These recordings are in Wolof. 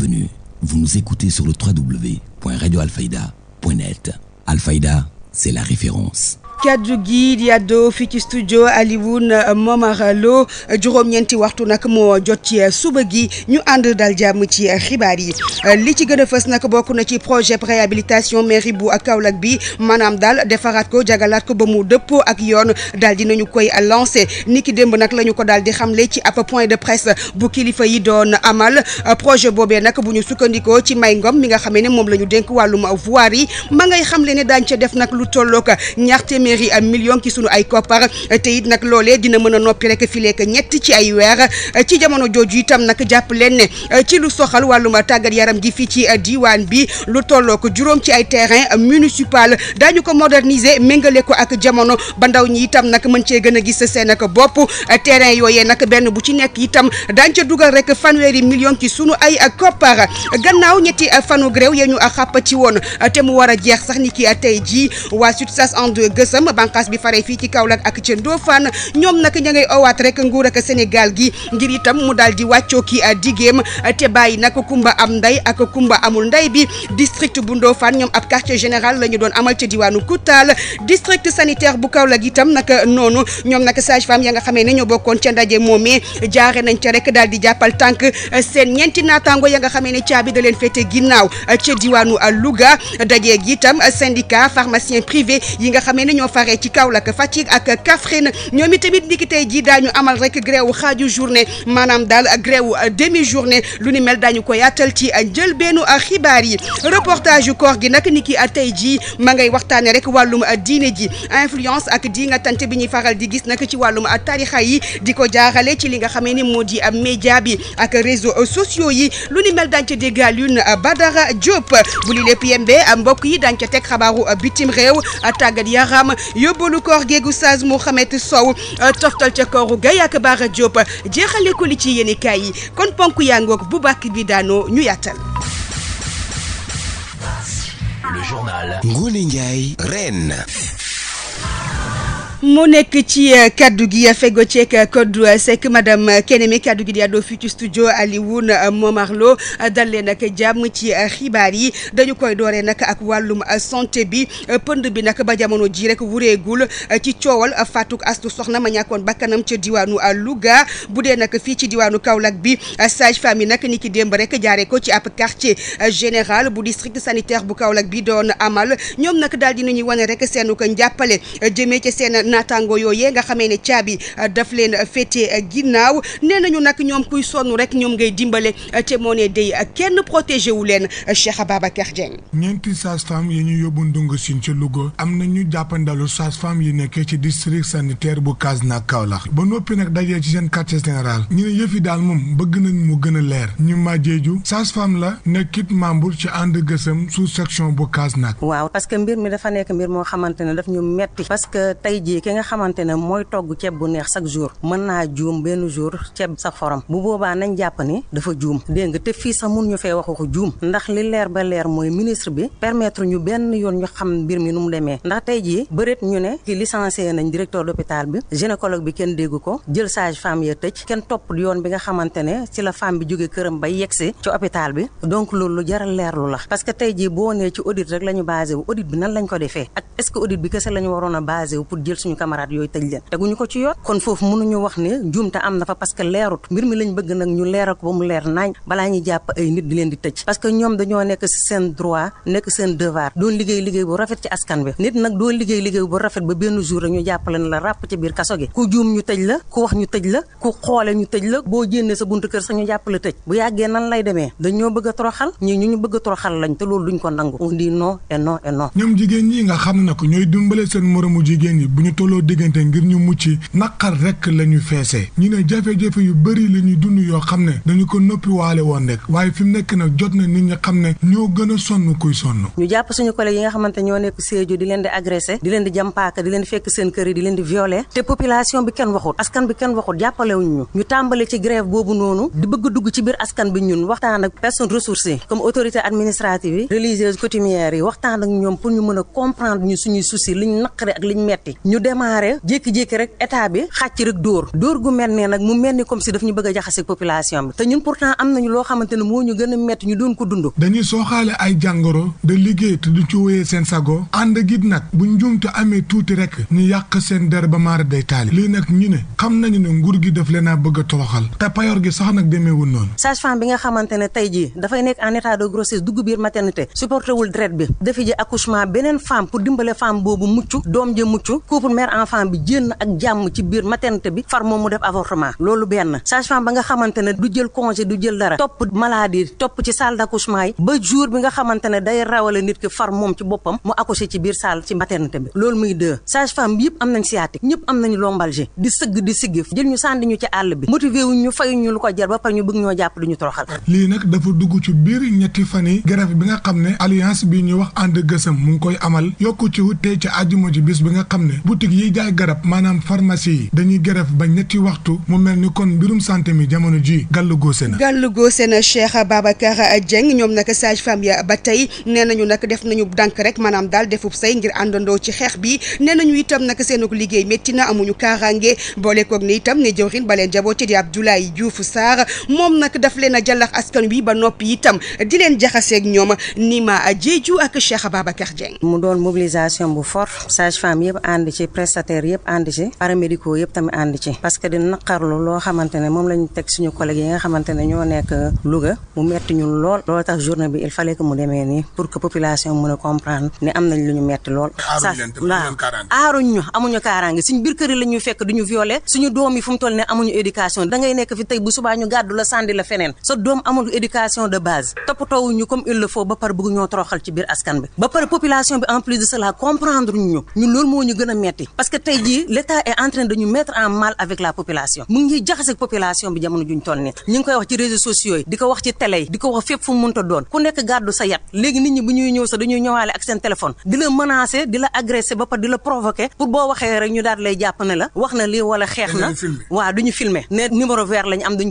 bienvenue. Vous nous écoutez sur le www.radioalfayda.net. Alfayda, c'est la référence. kaddu gi di àddoo fii ci studio Alioune Momar Lo juróom-ñeenti waxtu nag moo jot ci suba gi ñu ànd dal jàmm ci xibaar yi li ci gën a fës nak bokk na ci projet réhabilitation mairie bu ak Kaolack bi maanaam daal defaraat ko jagalaat ko ba mu dëppoo ak yoon daal nañu koy lancé ni ki démb nag lañu ko daal di xamle ci ab point de presse bu kilifa yi doon amal projet boobee nag bu ñu sukkandikoo ci may ngom mi nga xamee ne moom la ñu dénk wàllum voirie ma ngay xamle ne téeméeri million ci sunu ay koppar te it nag loolee dina mën a noppi rek fileek ñett ci ay weer ci jamono jooju itam nag jàpp leen ne ci lu soxal wàllum tàggat yaram gi fii ci diwaan bi lu tolloo ko juróom ci ay terrain municipal daañu ko moderniser méngale ko ak jamono ba ndaw ñi itam nag mën cee gën a gis seen ak bopp terrain yooye nak benn bu ci nekk itam daañ ca dugal rek weeri million ci sunu ay koppar gannaaw ñetti fanu gréew ya ñu xàpp ci woon mu war a jeex sax ni ki itam bànqaas bi faree fii ci Kaolack ak ca Ndofane ñoom nag ña ngay owaat rek nguur ak Sénégal gi ngir itam mu daal di wàccoo kii ah, digeem ah, te bàyyi nag kumba am nday ak kumba amul nday bi district bu Ndofane ñoom ab quartier général la ñu doon amal ca diwaanu Koutal district sanitaire bu Kaolack itam nag noonu ñoom nag sage femme ya nga xamee ne ñoo bokkoon ca ndaje moomee jaare nañ ca rek daal di jàppal tànk ah, seen ñeenti naataango ya nga xamee ne caabi da leen féete ginnaaw ca diwaanu Louga daje gi itam syndicat pharmacien privé yi nga xamee faree ci kaw Kaolack Fatick ak Kaffrine ñoom itamit niki tey jii daañu amal rek gréewu xaaju journée maanaam daal gréewu demi journée lu ni mel daañu ko yaatal ci njëlbeenu xibaar yi reportage yu koor gi nag niki tey jii ma ngay waxtaanee rek wàllum diine ji influence ak di nga tante bi ñuy faral di gis nag ci wàllum tarixa yi di ko jaarale ci li nga xamee ni moo di média bi ak réseaux sociaux yi lu ni mel daañu ca dégg Alioune Badara Diop bu li lépp yembe mbokk yi daañu ca teg xabaaru bitim réew tàggat yaram yóbbalu koor géegu Saaz Mouhamed Sow euh, toftal ca kooru Gaye ak Baara Diop jeexale ko li ci yéen i yi kon ponk yaa ngoog bu bàkk bi daanoo ñu yàttal. Le journal Ngoné mu nekk ci euh, kaddu gi euh, fego ceek euh, Codou Seck madame Keneme kaddu gi di àddoo fii ci studio Alioune Momar Lo dal leen nag jàmm ci xibaar yi dañu koy dooree nag ak wàllum santé bi pënd bi nag ba jamono ji rek wureegul ci coowal fatuk astu soxna ma ñàkkoon bakkanam ci diwaanu Louga bu dee nag fii ci diwaanu Kaolack bi sage-femme yi nag ni ki démb rek jaaree ko ci ab quartier général bu district sanitaire bu Kaolack bi doon amal ñoom nag daal dinañuy wane rek seenu ko njàppale jëmee ci seen. naataango yooyee nga xamee ne caabi euh, daf leen euh, féete euh, ginnaaw nee nañu nag ñoom kuy sonn rek ñoom ngay dimbale te moo ne day kenn protégé wu leen Cheikh Ababacar Dieng. ñeenti sages-femmes yi ñu yóbbu Ndungu Sine ci Louga am na ñu jàppandalu sages-femmes yi nekkee ci district sanitaire bu Kasnack Kaolack ba noppi nag dajee ci seen quartier général ñu ne yëfi daal moom bëgg nañ mu gën a leer ñu màjjeeju sage-femme la nekkit membre ci ànd gësëm su section bu Kasnack. bi ki nga xamante ne mooy togg ceeb bu neex chaque jour mën naa juum benn jour ceeb sa forom bu boobaa nañ jàpp ni dafa juum dégg nga te fii sa mun ñu fee waxu ko juum ndax li leer ba leer mooy ministre bi permettre ñu benn yoon ñu xam mbir mi nu mu demee ndax tey jii bëreet ñu ne ki licencié nañ directeur d'hôpital bi gynécologue bi kenn dégg ko jël sage femme ya tëj kenn topp yoon bi nga xamante ne ci la femme bi jóge këram bay yegsi ci hôpital bi donc loolu lu jaral leerlu la parce que tey jii boo nee ci la ñu basé wu nan lañ ko defee a basé suñu camarade tëj leen teguñu ko ci yoon kon foofu mënuñu wax ne juumte am na fa parce leerut mbir mi lañ bëgg nag ñu leeral ko ba mu leer naañ balaa ñuy jàpp ay nit di leen di tëj parce ñoom dañoo nekk seen droit nekk seen devoir doon liggéey liggéey bu rafet ci askan bi nit nag doon liggéey liggéey bu rafet ba benn jour rek ñu jàppale ne la ràpp ci biir kaso gi ku juum ñu tëj la ku wax ñu tëj la ku xoole ñu tëj la boo jénnee sa buntu kër sax ñu tolloo diggante ngir ñu mucc naqar rek la ñu feesee ñu ne jafe-jafe yu bëri la dund yoo xam ne dañu ko noppi waale woon rek waaye fi nekk nag jot na nit ñi xam ne ñoo gën a sonn kuy sonn. ñu jàpp suñu collègue yi nga xamante ñoo nekk Sédhiou di leen di agressé di leen di jàmpaaka di leen di fekk seen kër yi di leen di violé te population bi kenn waxut askan bi kenn waxut jàppalewuñ ñu ñu tàmbale ci grève boobu noonu di bëgg dugg ci biir askan bi ñun waxtaan a comprendre ñu suñuy souci liñ ñu démarré jékki-jékki rek état bi xàcc rek dóor dóor gu mel ne nag mu mel ni comme si daf ñu bëgg a jaxase population bi te ñun pourtant am nañu loo xamante moo ñu gën a métti ñu doon ko dund dañuy sooxaale ay jàngoro de liggéey te du ci wéyee seen sago ànd git nag bu njumte amee tuuti rek ñu yàq seen der ba maara day taali lii nag ñu ne xam nañu ne nguur gi daf leen a bëgg a toroxal te payoor gi sax nag demeewul noonu sage-femme bi nga xamante ne tey jii dafay nekk en état de grossesse pour mère enfant bi jénn ak jàmm ci biir maternité bi far moom mu def avortement loolu benn sage ba nga xamante ne du jël congé du jël dara topp maladie topp ci salle d'accouchement yi ba jour bi nga xamante ne day a nit ki far moom ci boppam mu accouché ci biir salle ci maternité bi loolu muy deux sage-femme bi yëpp am nañ sciatique ñëpp am nañu lombalgie di sëgg di siggi jël ñu sànni ci àll bi motivé wuñ ñu fay lu ko jar ba pare ñu bëgg ñoo jàpp duñu toroxal lii nag dafa dugg ci biir ñetti fan yi grève bi bi ñuy wax ànd mu ngi koy amal yokku ci tey bi nga xam boutique yiy jaay garab maanaam pharmacie yi dañuy grève ba ñetti waxtu mu mel ni kon mbirum santé mi jamono ji gàllu góose na gàllu góose na Cheikh Babacar Dieng ñoom nag sage femme ya ba tey nee nañu nag def nañu dànk rek maanaam daal defub say ngir àndandoo ci xeex bi nee nañu itam nag seenuk liggéey métti na amuñu kaaraange boole koog ne itam ne jëwrin ba leen jaboote di Abdoulaye Diouf Sarr moom nag daf leen a jàllax askan wi ba noppi itam di leen jaxaseeg ñoom Nima Diédhiou ak Cheikh Babacar Dieng mu doon mobilisation bu fort sage femme yëpp ànd ci prestataires yëpp ànd ci paramédicaux yëpp tamit ànd ci parce que di naqarlu loo xamante moom lañu teg suñu collègues yi nga xamante ñoo nekk Louga mu metti ñu lool loolu tax journée bi il fallait que mu demee nii pour que population mën a ñu doom yi fu toll ne amuñu éducation da nekk fi tey bu subaa ñu gàddu la sandi la feneen sa doom amul éducation de base toppatoowuñu comme il faut ba par bëgg ñoo toroxal ci biir askan bi ba par population metti parce que tey jii l' état est en train de en mal avec la population mu ngi jaxase population bi jamono juñ toll nii ñu ngi koy wax ci réseaux sociaux yi di ko wax ci télé yi di ko wax fépp fu mu mënta doon ku nekk gàddu sa yat léegi nit ñi bu ñuy ñëw sax dañuy ñëwaale ak seen téléphone di la menacer di la agresser ba pare di la provoquer pour boo waxee rek ñu daal lay jàpp ne la wax na lii wala xeex na waaw duñu filmer ne numéro vert lañ am dañ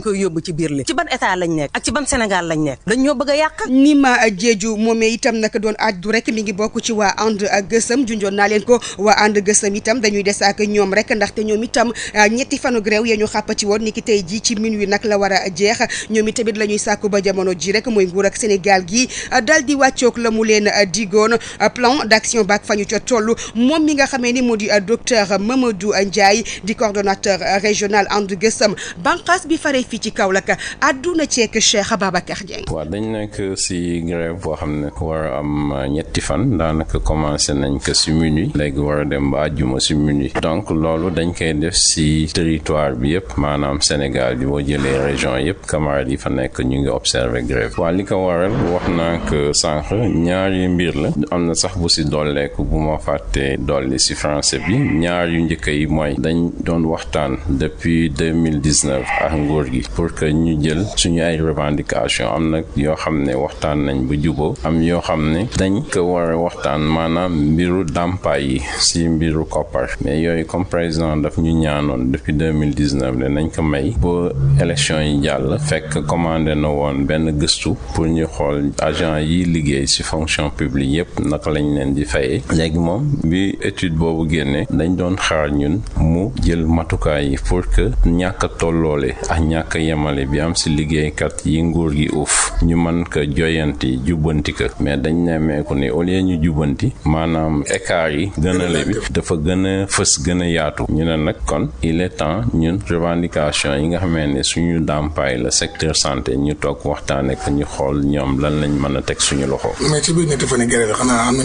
itam dañuy des ak ñoom rek ndaxte ñoom itam ah, ñetti fanu grève ya ñu xàppati woon ni ki tey ji ci minuit nag la war a jeex ñoom itamit la ñuy sàkku ba jamono ji rek mooy nguur ak Sénégal gi ah, daal di wàccoog la mu leen ah, digoon plan d'action baak fa ñu ca toll moom mi nga xamee ni moo di docteur Mamadou Ndiaye di coordonnateur régional And Gueusseum banqaas bi faree fii ci Kaolack àdduna ceek Cheikh Babacar Dieng. waaw dañ nekk si grève boo xam ne war a am ñetti fan daanaka commencé nañ ko si minuit léegi war a dem ba àjjuma moo si donc loolu dañ koy def si territoire bi yëpp maanaam Sénégal bi boo jëlee région yëpp camarades yi fa nekk ñu ngi observer grève waa li ko waral wax naa que sànq ñaari mbir la am na sax bu si dolleeku bu ma fàttee dolli si français bi ñaar yu njëkk yi mooy dañ doon waxtaan depuis 2019 ak nguur gi pour que ñu jël suñu ay revendication am na yoo xam ne waxtaan nañ bu juboo am yoo xam ne dañ ko war waxtaan maanaam mbiru dàmpaay yi si mbiru ko koppar mais yooyu comme président ñu ñaanoon depuis deux mille dix neuf ne nañ ko may ba élection yi jàll fekk commandé na woon benn gëstu pour ñu xool agent yi liggéey ci fonction publique yépp naka lañ leen di fayee léegi moom bi étude boobu génnee dañ doon xaar ñun mu jël matukaay yi pour que ñàkk tolloole ak ñàkk yemale bi am ci liggéeykat yi nguur yi uuf ñu mën ko joyanti jubbanti mais dañ nemmeeku ne au lieu ñu jubbanti maanaam écart yi gënale bi dafa gën a fës gën a yaatu ñu ne nag kon il est temps ñun revendication yi nga xamee ne suñu dàmpaay la secteur santé ñu toog waxtaanee ko ñu xool ñoom lan lañ mën a teg suñu loxo. mais ci biir ñetti fan na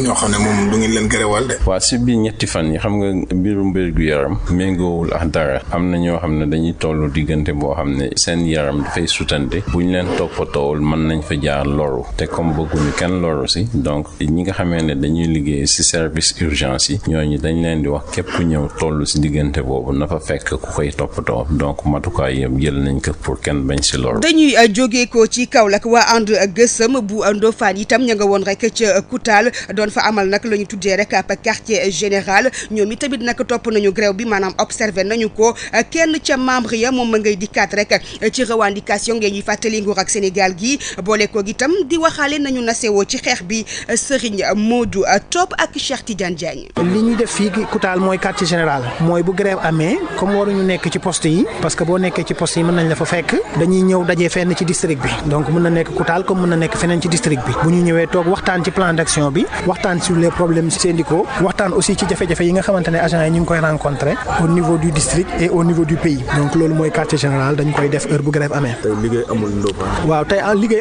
ñoo xam ne moom du ngeen leen gréwal de. waa si biir ñetti fan yi xam nga mbirum mbir gu yaram méngoowul ak dara am na ñoo xam ne dañuy toll diggante boo xam ne seen yaram dafay sutante buñ leen toppatoowul mën nañ fa jaar loru te comme bëgguñu kenn loru si donc ñi nga xamee ne dañuy liggéey si service urgence yi ñooñu di wax képp ku ñëw toll si diggante boobu na fa fekk ku koy toppatoo donc matukaay yëpp jël nañ ko pour kenn bañ si loolu. dañuy euh, jógee ko ci Kaolack waa ànd gësëm bu Ndofane itam ña nga woon rek ca Koutal doon fa amal nak la ñu tuddee rek ab quartier général ñoom tamit nag topp nañu grève bi maanaam observé nañu ko kenn ca membre ya moom ma ngay dikkaat rek ci revendication ngeen ñuy fàttali nguur ak Sénégal gi boole ko itam di waxaale nañu nasewoo ci xeex bi Serigne Modou Top ak Cheikh Tidiane Diagne. Koutaal mooy quartier général mooy bu grève amee comme waruñu nekk ci poste yi parce que boo nekkee ci post yi mën nañ la fa fekk dañuy ñëw dajee fenn ci district bi donc mën na nekk kutaal comme mën na nekk feneen ci district bi bu ñu ñëwee toog waxtaan ci plan d'action bi waxtaan sur les problèmes syndicaux waxtaan aussi ci jafe-jafe yi nga xamante ne agents yi ñu ngi koy rencontrer au niveau du district et au niveau du pays donc loolu mooy quartier dañ koy def heure bu grève amee. tey liggéey amul Ndofane. waaw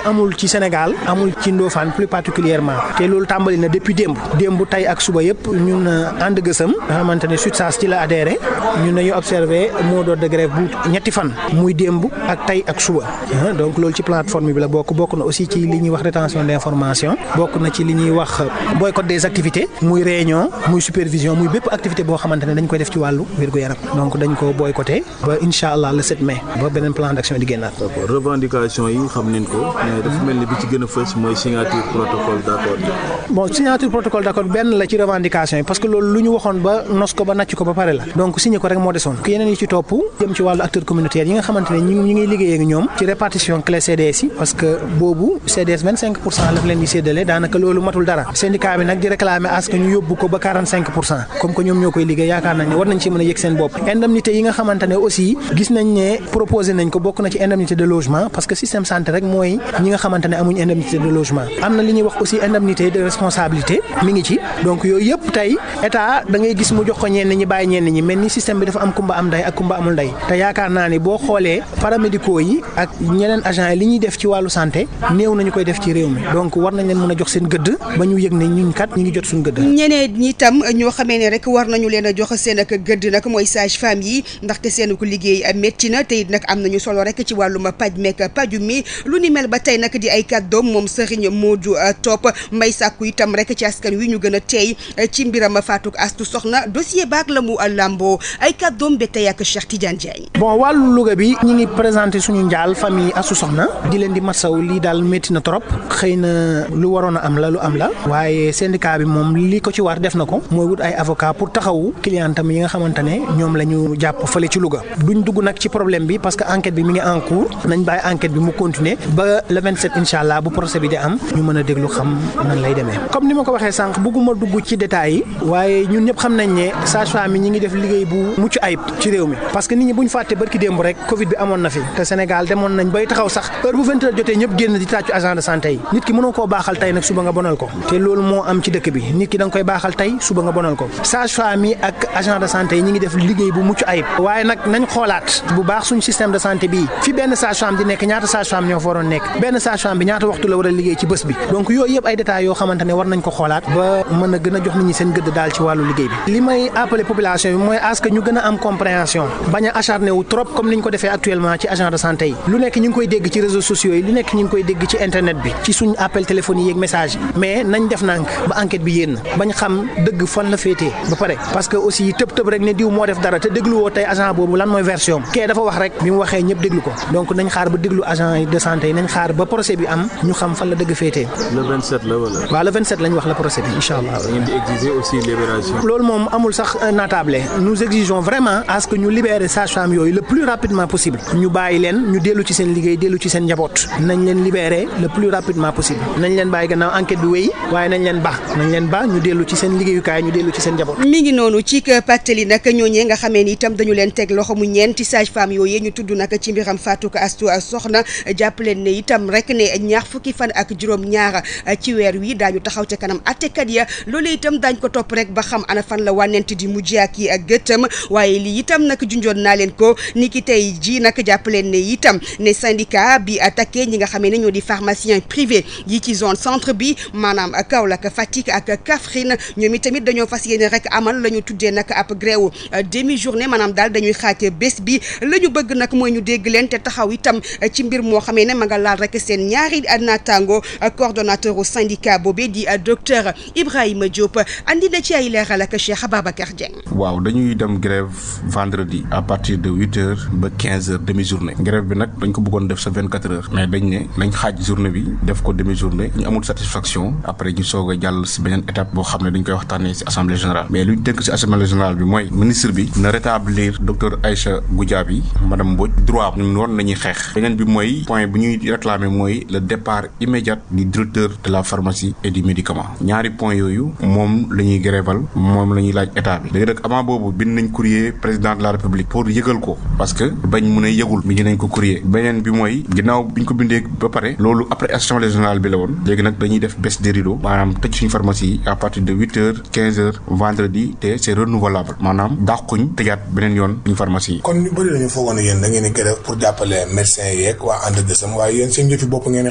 amul ci Sénégal amul ci Ndofane plus particulièrement te loolu tàmbali na depuis démb démb tey ak suba yëpp ñun euh, ànd gësëm nga xamante ne SUTSAS ci la adhéré ñun dañu observé mot de grève bu ñetti fan muy démb ak tey ak suba ah, donc loolu ci plateforme bi la bokk bokk na aussi ci li ñuy wax rétention d'information bokk na ci li ñuy wax boycott des activités muy réunion muy supervision muy bépp activité boo xamante ne dañ koy def ci wàllu wér-gu-yaram donc dañ ko boycotté ba incha allah le 7 mai ba beneen plan d'action di génnaat. d'accord revendication yi xam nañ ko mel ni ba ko ba nàcc ko ba pare la donc signé ko rek moo desoon yeneen yi ci topp jëm ci wàllu acteur communautaire yi nga xamante ne ñu ngi liggéey ñoom ci répartition clé CDS yi parce que boobu CDS 25 pour cent la leen di séddale daanaka loolu matul dara syndicat nag di réclamer à ce ñu yóbbu ko ba comme que ñoom ñoo koy liggéey yaakaar nañ ne war nañ ci mën a yëg seen bopp indemnité yi nga xamante aussi gis nañ ne proposé gis mu jox ko ñenn ñi bàyyi ñenn ñi mel ni système bi dafa am kumba am ndey ak kumba amul ndey te yaakaar naa ni boo xoolee paramédicaux yi ak ñeneen agents yi li ñuy def ci wàllu santé néew nañu koy def ci réew mi donc war nañ leen mën a jox seen gëdd ba ñu yëg ne ñun kat ñu ngi jot suñu gëdd ñeneen ñi tam ñoo xamee ne rek war nañu leen a jox seen ak gëdd nag mooy sage femme yi ndaxte seen ko liggéey métti na tey it am nañu solo rek ci wàllu wàllum paj meek paju mi lu ni mel ba tey nag di ay kàddoom moom sëriñ Modou Top may sàkku itam rek ci askan wi ñu gën a teey na dossier baag la mu làmboo ay kàddoom ba tey ak Cheikh Tidiane Diagne. bon wàllu Louga bi ñu ngi présenté suñu njaal famille Astou Soxna di leen di masaw lii daal métti na trop xëy na lu waroon a am la lu am la waaye syndicat bi moom li ko ci war def na ko mooy wut ay avocat pour taxawu clientam yi nga xamante ne ñoom la ñu jàpp fële ci luga duñ dugg nag ci problème bi parce que enquête bi mu ngi en cours nañ bàyyi enquête bi mu continuer ba le 27 incha allah bu bi di am ñu mën a déglu xam nan lay demee comme ni nañ ne sage-femme yi ñi ngi def liggéey bu mucc nit bu ñu fàtte barki démb rek Covid bi amoon na demoon nañ bay taxaw sax heure ñëpp génn di tàccu agent ki mënoo koo baaxal tey nag suba nga bonal ko te loolu moo am ci dëkk bi nit ki da nga koy baaxal tey suba nga bonal ko sage-femme yi ak agent de santé yi ñi ngi def liggéey bu mucc ayib waaye nag nañ xoolaat bu baax suñu système de santé bii fi benn sage-femme di nekk ñaata sage-femme ñoo fa waroon nekk benn sage-femme bi ñaata waxtu la war a liggéey ci bés bi donc yooyu yëpp ay détails yoo xamante war nañ ko xoolaat ba mën a gën a jox nit ñi seen gëdd daal wàllu liggéey li may appeler population bi mooy à ce que ñu gën a am compréhension bañ a acharné trop comme ni ñu ko defee actuellement ci agent de santé yi lu nekk ñu ngi koy dégg ci réseaux sociaux yi lu nekk ñu ngi koy dégg ci internet bi ci suñ appel téléphonique yeeg message yi mais nañ def nànk ba enquête bi yéen bañ xam dëgg fan la féetee ba pare parce que aussi tëb tëb rek ne diw moo def dara te dégluwoo tey agent boobu lan mooy version kee dafa wax rek bi mu ko donc nañ xaar ba déglu agent de santé yi nañ xaar ba procès bi am ñu xam la moom amul sax euh, naataable nous exigeons yooyu le plus rapidement possible ñu bàyyi leen ñu dellu ci seen liggéey dellu ci seen njaboot nañ leen libérer le plus rapidement possible nañ leen bàyyi gannaaw enquête bi wéy waaye nañ leen ba ñu dellu ci seen liggéeyukaay ñu ngi noonu ci pàttali nag ñooñee nga xamee ni itam dañu leen teg loxo mu ñeenti sages-femmes yooyu ñu tudd nag ci mbiram Fatou Astou Sokhna jàpp leen ne itam rek ne ñaar fukki fan fan la wànnent di mujj ak yi ak gëttam waaye lii itam nag junjoon naa leen ko ni ki tey ji nag jàpp leen ne itam ne syndicat bi attaqué ñi nga xamee ne ñoo di pharmacien privé yi ci zone centre bi maanaam Kaolack Fatick ak Kaffrine ñoom itamit dañoo fas yéene rek amal la ñu tuddee nag ab grève demi journée maanaam daal dañuy xaaj bés bi la ñu bëgg nag mooy ñu dégg leen te taxaw itam ci mbir moo xamee ne ma nga rek seen ñaari naataango coordonnateur syndicat boobee di docteur Ibrahima Diop andi Cheikh Ababacar Dieng. waaw dañuy dem grève vendredi à partir de huit heures ba quinze heures demi journée grève bi nag dañ ko bëggoon def sa vingt quatre heures mais dañ ne nañ xaaj journée bi def ko demi journée ñu amul satisfaction après ñu soog jàll si beneen étape boo xam ne dañ koy waxtaanee si assemblée générale mais luñ tënk si assemblée générale bi mooy ministre bi na rétablir docteur Aïcha Goudiaby madame Mbodj droit am ñun woon xeex beneen bi mooy point bu ñuy réclamer mooy le départ immédiat du directeur de la pharmacie et médicament ñaari point yooyu moom la ñuy gréval ñuy laaj état bi léegi nag avant boobu bind nañ courrier président de la république pour yëgal ko parce que bañ mu ne yëgul mi ngi ko courrier beneen bi mooy ginnaaw biñ ko bindee ba pare loolu après assemblée générale bi la woon léegi nag dañuy def baisse des rideaux maanaam tëj suñu pharmacie yi à partir de huit heures quinze heures vendredi te c'est renouvelable maanaam dàquñ tëjaat beneen yoon suñu pharmacie yi kon ñu bëri lañu foogoon yéen da ngeen di grève pour jàppale médecins yeeg waa ànd dësam waaye yéen seen yëfi bopp ngeen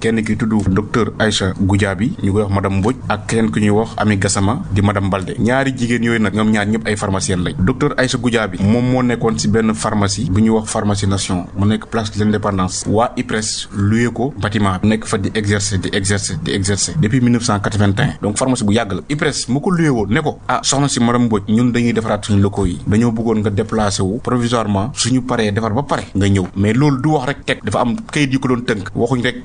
kenn ki tudd docteur Aïcha Goudiaby ñu koy wax madame Mbodj ak keneen ku ñu wax Ami Gassama di madame Balde ñaari jigéen yooyu nag ñoom ñaar ñëpp ay pharmacien lañ docteur Aïssa Goudiaby moom moo nekkoon ci benn pharmacie bu ñuy wax pharmacie nation mu nekk place de l'indépendance waa IPRES luyee ko bâtiment bi nekk fa di exercer di exercer di exercer depuis 1981 donc pharmacie bu yàgg la IPRES mu ko luyee woon ne ko ah soxna si madame Mbodj ñun dañuy defaraat suñu locaux yi dañoo bëggoon nga déplacé mais loolu du wax rek teg dafa am kayit yu ko doon tënk waxuñ rek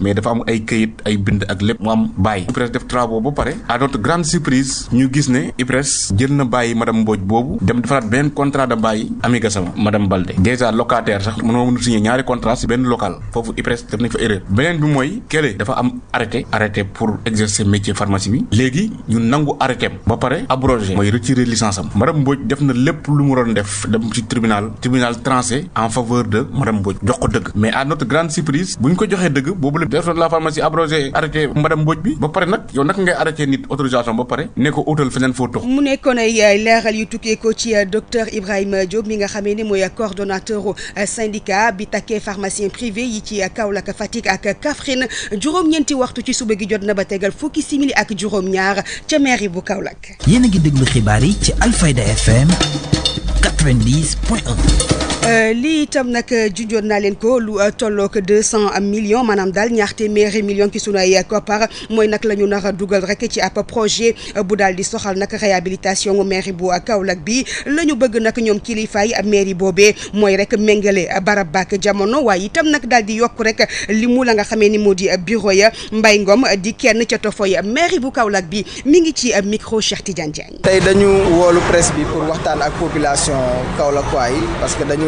mais dafa am ay kayit ay bind ak lépp am bàyyi IPRES def travaux ba pare à notre grande surprise ñu gis ne IPRES jël na bàyyi madame Mbodj boobu de bàyyi Ami Gassama madame Balde dèjà locataire sax mën moo mën a signé ñaari contrat si benn def nañ am arrêté arrêté pour exercer métier pharmacie bi léegi ñu nangu arrêté ba pare abrogé mooy retirer licence am madame def na lépp lu mu doon def dem ci tribunal tribunal en faveur de madame Mbodj jox ko dëgg mais à notre grande surprise bu ñu ko joxee dëgg boobu la directeur de la pharmacie abrogé arrêté madame Mbodj bi ba pare nag yow naka ngay arrêté nit autorisation ba pare ne ko utal feneen foo tox mu nekkoon ay leeral yu tukkee ko ci euh, docteur Ibrahima Diop mi nga xamee ne mooy coordonnateur euh, syndicat bi takkee pharmacien privé yi ci euh, Kaolack Fatick ak Kaffrine juróom-ñeenti waxtu ci suba gi jot na ba tegal fukki simili ak juróom-ñaar ca mairie bu Kaolack. yéen a gi déglu xibaar yi ci Alfayda FM Euh, lii itam nag euh, junjoon naa leen ko lu euh, tollook deux cent millions maanaam daal ñaar téeméeri million ci sunu ay koppar mooy nag la ñu nar a dugal rek ci ab projet bu daal di soxal nag réhabilitation mairie bu Kaolack bi la ñu bëgg nag ñoom kilifaay mairie boobee mooy rek méngale barab baak jamono waaye itam nag daal di yokk rek li mu la nga xamee ni moo di bureau ya Mbaye Ngom di kenn ca tofoy mairie bu Kaolack bi mi ngi ci micro Cheikh Tidiane Diagne. tey dañu woolu presse bi pour waxtaan ak population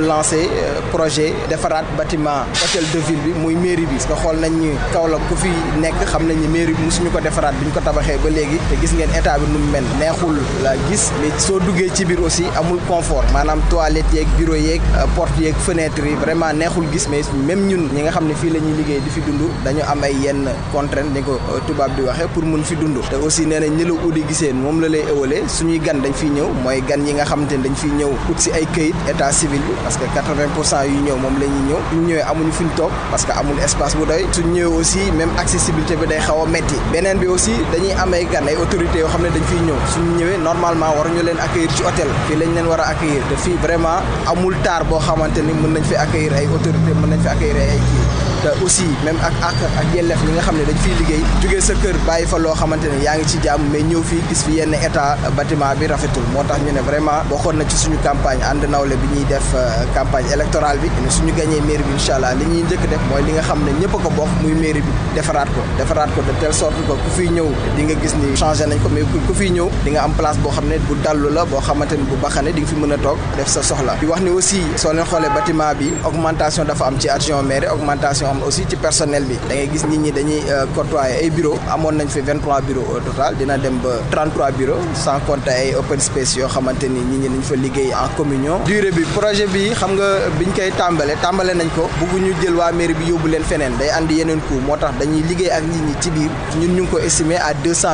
lancé euh, projet defaraat batiment hôtel de ville bi muy mairie bi parce xool nañ ñu Kaolack ku fi nekk xam nañ ni mairie bi mosuñu ko defaraat bi ñu ko tabaxee ba léegi te gis ngeen état bi nu mu mel neexul la gis mais soo duggee ci biir aussi amul confort maanaam toilette yeeg bureau yeeg euh, porte yeeg fenêtre yi vraiment neexul gis mais même ñun ñi nga xam ne fii la ñuy liggéey di fi dund dañu am ay yenn contrainte ni ko euh, tubaab di waxee pour mun fi dund te aussi nee nañ ñi la uddi giseen moom la lay éwale suñuy gan dañ fiy ñëw mooy gan yi nga xamante ne dañ fiy ñëw ut si ay këyit état civil bi que 80 pour cent yu ñëw moom la ñuy ñëw ñu ñëwee amuñu fuñ toog parce que amul espace bu doy suñ ñëwee aussi même accessibilité bi day xaw a metti beneen bi aussi dañuy am gan ay autorités yoo xam ne dañ fiy ñëw suñu ñëwee normalement waruñu leen accueillir ci hôtel fii lañ leen war a accueillir te fii vraiment amul taar boo xamante ni mën nañ fi accueillir ay autorités mën nañ fi accueillir ay kii te euh, aussi même ak ak ak yelleef ñi nga xam ne dañ fiy liggéey jógee sa kër bàyyi fa loo xamante ne yaa ngi ci jàmm mais ñëw fii gis fi yenn état euh, bâtiment bi rafetul moo tax ñu ne vraiment bokkoon na ci suñu campagne ànd nawle bi ñuy def euh, campagne électorale bi ne suñu gañee mairie bi incha allah li ñuy njëkk def mooy li nga xam ne ñëpp a ko bokk muy mairie bi defaraat ko defaraat ko de telle sorte que ku fiy ñëw di nga gis ni changé nañ ko mais ku fiy ñëw di nga am place boo xam ne bu dallu la boo xamante ni bu baxane di nga fi mën a toog def sa soxla di wax ni aussi soo leen xoolee bâtiment bi augmentation am ci adjoint maire augmentation ñoo xam ne aussi ci personnel bi da ngay gis nit ñi dañuy euh, côtoyer ay bureau amoon nañ fi bureau au total dina dem ba 33 bureau sans compter ay open space xamante ni nit ñi dañ fa liggéey en communion durée bi projet bi xam nga biñ koy tàmbale tàmbale nañ ko bugguñu jël waa mairie bi yóbbu leen feneen day andi yeneen coût moo tax dañuy liggéey ak nit ñi ci biir ñun ñu ngi ko estimé à 200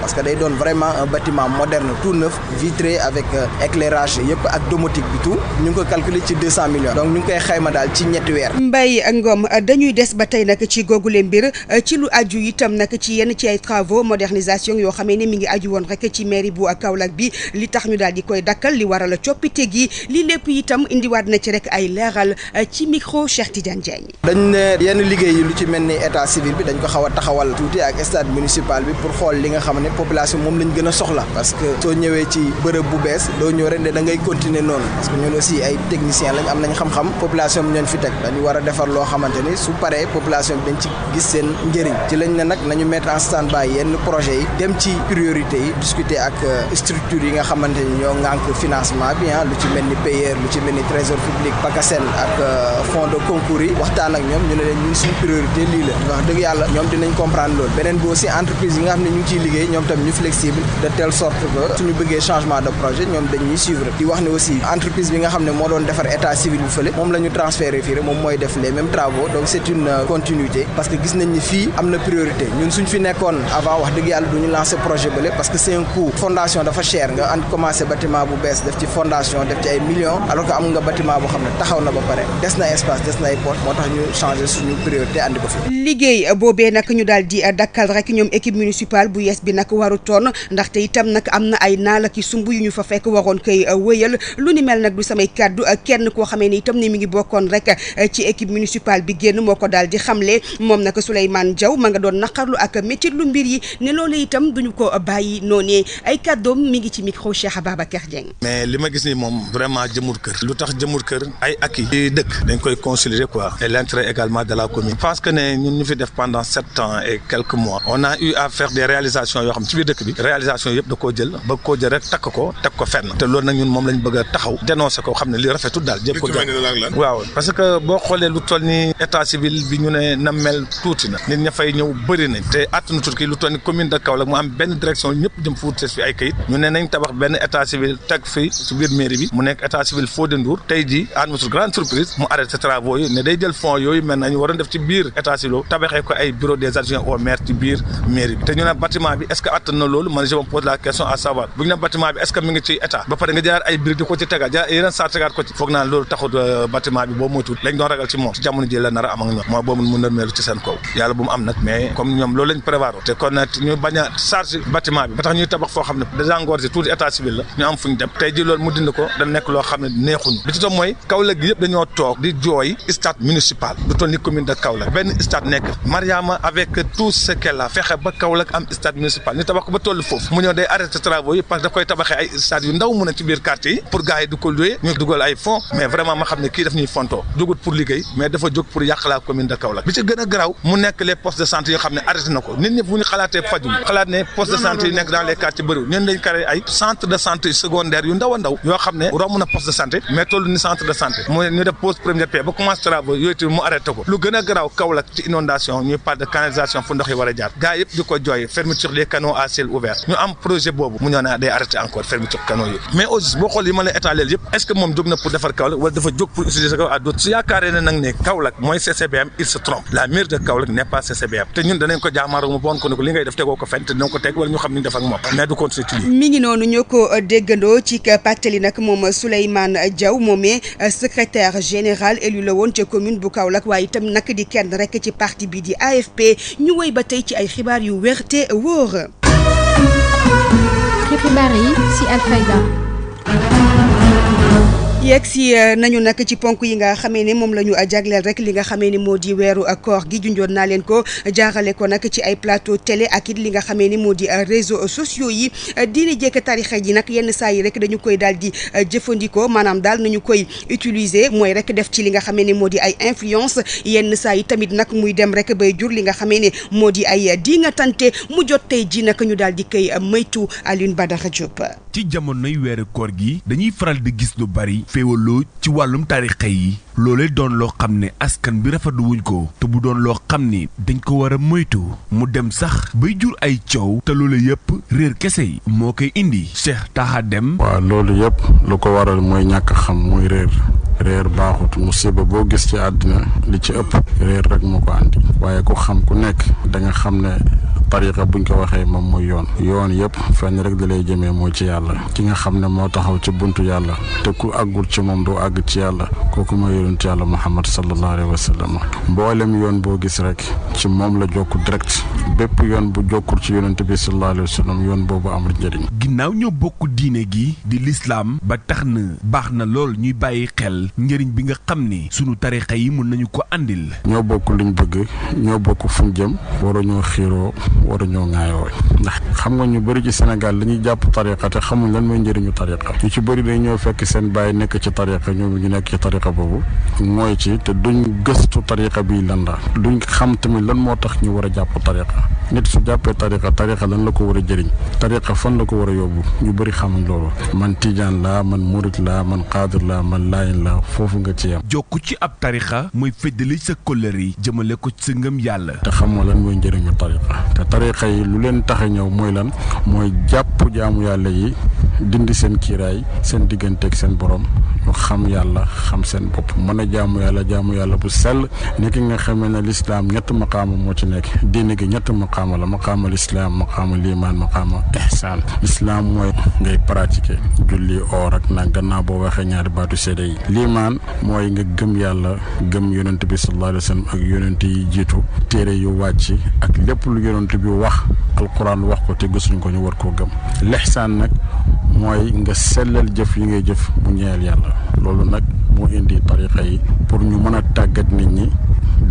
parce que day doon vraiment un bâtiment moderne tout neuf vitré avec euh, éclairage ñu ngi ko calculer ci 200 millions donc ñu ngi koy xayma daal ci ñetti weer Mbaye Ngom ñuy des ba tey nag ci googule mbir euh, ci lu aju itam nag ci yenn ci ay travaux modernisation yoo xamee ne mi ngi aju woon rek ci mairie bu Kaolack bi li tax ñu daal di koy dakkal li waral coppite gi li lépp itam indiwaat na ci rek ay leeral euh, ci micro Cheikh Tidiane Diagne. dañ ne yenn liggéey yi lu ci mel ni état civil bi dañ ko xaw taxawal tuuti ak stade municipal bi pour xool li nga xam ne population moom lañ gën a soxla parce que soo ñëwee ci bu bees doo ñëw ngay continuer noonu ay techniciens lañ am nañ xam-xam population fi teg su paree population bi dañ ci gis seen njëriñ ci lañ ne nag nañu mettre en stand yenn projet yi dem ci priorité yi discuter ak euh, structure yi nga xamante ni ñoo ŋànk financement bi ah lu ci mel lu ci mel ni trésor public PACASEN euh, ñoom ñu ne leen ñun suñu priorité lii la wax dëgg yàlla ñoom dinañ comprendre loolu beneen bi aussi entreprise yi nga xam ne ñu ngi ciy liggéey ñoom tam ñu flexible de telle sorte que suñu bëggee changement de projet ñoom dañuy suivre di wax ne aussi entreprise bi nga xam ne moo doon defar état civil bu la ñu transféré fii rek moom mooy c'est une euh, continuité parce que gis nañ fii am na priorité ñun suñ fi nekkoon avant wax dëgg yàlla du ñu lancer projet bële parce que c'est un fondation dafa cher nga and commencé bâtiment bu xam ne taxaw na ba pare des na espace des na ay moo tax ñu changer suñu priorité andi ko fi. liggéey boobee nag ñu daal euh, dakkal rek ñoom équipe municipale bu yees bi nag warutoon ndaxte itam nag am na ay naal ak i sumb yu ñu fa fekk waroon koy euh, wëyal lu ni mel moo ko daal di xamle moom nag Souleymane Diaw ma nga doon naqarlu ak métit lu mbir yi ne loolu itam duñu ko bàyyi noonee ay kàddoom mi ngi ci micro Cheikh Ababacar Dieng. mais li ma gis ni moom vraiment jëmul kër. lu tax jëmul kër ay acquis dëkk dañ koy considérer quoi de la commune. je pense que ne ñun ñu fi def pendant sept ans et quelques mois. on a eu à faire des yoo xam ci biir dëkk bi réalisation yëpp da koo jël ba koo jël rek takk ko teg ko fenn te loolu nag ñun moom a taxaw dénoncer ko xam ne li rafetul daal. jël ko ville bi ñu ne na mel tuuti na nit ña fay ñëw bëri nañ te attanu lu toll ni commune de Kaolack mu am benn direction ñëpp jëm fuutu fi ay kayit ñu ne nañ tabax benn état civil teg fi si biir mairie bi mu nekk état civil Fodé Ndour tey jii à notre grande surprise mu arrêté travaux yi ne day jël fonds yooyu mel nañu waroon def ci biir état civil tabaxee ko ay bureau des adjoints au maire ci biir mairie bi te ñu ne bâtiment bi est que attan na loolu ak ñoom mooy boobu mu ci seen kaw yàlla bu mu am nag mais comme ñoom loolu lañ prévoir te kon ñu bañ charge bâtiment bi ba tax ñuy tabax da nekk loo xam ne neexuñu bi ci topp mooy Kaolack gi yëpp dañoo toog di jooy stade ba Kaolack am stade foofu mu ñëw day arrêté travaux parce que daf koy tabaxee ay stade yu ndaw mun a ci biir quartier yi pour gars yi di ko loué ñu dugal ay fonds mais vraiment ma xam ne kii daf ñuy fontoo jógut pour liggéey mais dafa jóg pour yàq la lu gën a garaaw ci inondation ñuy parle de canalisation fu ndox yi war a jaar gars yëpp di jooy fermeture des canaux à ciel ouvert ñu am projet boobu mu ñoo ne day arrêté encore fermeture canaux yi mais aussi boo xool yi ma la étaleel est que moom jóg na pour defar Kaolack wala dafa jóg pour utiliser Kaolack à d'autres su yaakaaree ne ne Kaolack mooy CCBM il se trompe la mairie de Kaolack n'est pas CCBM te ñun danañ ko jaamaar ma bon ko ne ko li ngay def tegoo ko fent dinañ ko teg wala ñu xam ni def moom mais du continuer ci lii. mi ngi noonu ñoo ko euh, déggandoo ci pàttali nag moom Souleymane Diaw moomee euh, secrétaire général élu la woon ca commune bu kaw Kaolack waaye itam nag di kenn rek ci parti bi di AFP ñu woy ba tey ci ay xibaar yu wér te wóor. xibaar yi ci yegg si euh, nañu nag ci ponk yi nga xamee ne moom la ñu euh, jagleel rek li nga xamee ne moo di weeru euh, koor gi junjoon naa leen ko jaarale ko nag ci ay plateau télé ak it li nga xamee ne moo di réseaux sociaux yi diine jekk tarixa ji nag yenn saa yi rek dañu koy daal di jëfandikoo maanaam daal nañu koy utiliser mooy rek def ci li nga xamee ne moo di ay influence yenn saa yi tamit nag muy dem rek bay jur li nga xamee ne moo di ay di tante mu jot tey ji nag ñu daal di koy moytu Alioune Badara Diop. ci jamonoy weeru koor gi dañuy faral di gis lu bari. féewaloo ci wàllum tarixa yi loolee doon loo xam ne askan bi rafetlu wuñ ko te bu doon loo xam ni dañ ko war a moytu mu dem sax bay jur ay coow te loolu yëpp réer kese yi moo koy indi Cheikh Taha Dem waaw loolu yëpp lu ko waral mooy ñàkk xam mooy réer réer baaxut musiba boo gis ci àddina li ci ëpp réer rek moo ko àndi waaye ku xam ku nekk da xam ne bu ñu ko waxee moom mooy yoon yoon yëpp fenn rek da lay jëmee moo ci yàlla ki nga xam ne moo taxaw ca buntu yàlla te ku àggul ci moom doo àgg ci yàlla kooku mooy yonent yàlla muhammad sallallahu alayhi wa sallam mboolem yoon boo gis rek ci moom la jokku direct bépp yoon bu jokkul ci yonent bi sallallahu alayhi yoon boobu amul njariñ ginnaaw ñoo bokk diine gi di lislaam ba tax na baax na lool ñuy bàyyi xel njëriñ bi nga xam ni sunu tariqa yi mun nañu ko àndil ñoo bokk luñ bëgg ñoo bokk fuñ jëm waruñoo xiiroo waruñoo ŋaayoo ndax xam nga ñu bëri ci Sénégal dañuy jàpp tariqa te xamuñ lan mooy njëriñu tariqa ñu ci bëri dañ ñoo fekk seen bàyyi nekk ci tariqa ñoom ñu nekk ci tariqa boobu mooy ci te duñ gëstu tariqa bi lan la duñ xam tamit lan moo tax ñu war a jàpp tariqa nit su jàppee tariqa tariqa lan la ko war a jëriñ tariqa fan la ko war a yóbbu ñu bari xam loolu man tijaan laa man murit la man qaadir laa man laayin laa foofu nga ci yam jokku ci ab tariqa mooy feddali sa kóllëre yi jëmale ko ci ngëm yàlla te xamoo lan mooy njëriñu tariqa te tariqa yi lu leen tax ñëw mooy lan mooy jàpp jaamu yàlla yi dindi seen kiiraay seen digganteeg seen borom ñu xam yàlla xam seen bopp mën a jaamu yàlla jaamu yàlla bu sell nekk nga xamee ne lislaam ñett maqaama moo ci nekk diine gi ñett maqaama maqaama la maqaamal islaam maqaamal imaan maqaama ihsaan lislaam mooy ngay pratiquer julli oor ak nag gannaaw boo waxee ñaari baatu seede yi liimaan mooy nga gëm yàlla gëm yonent bi sallallahu wa sallam ak yonent yi jiitu téere yu wàcc ak lépp lu yonent bi wax alquran wax ko te gisuñ ko ñu war ko gëm lihsaan nag mooy nga sellal jëf yi ngay jëf bu ñeel yàlla loolu nag moo indi tariqa yi pour ñu mën a tàggat nit ñi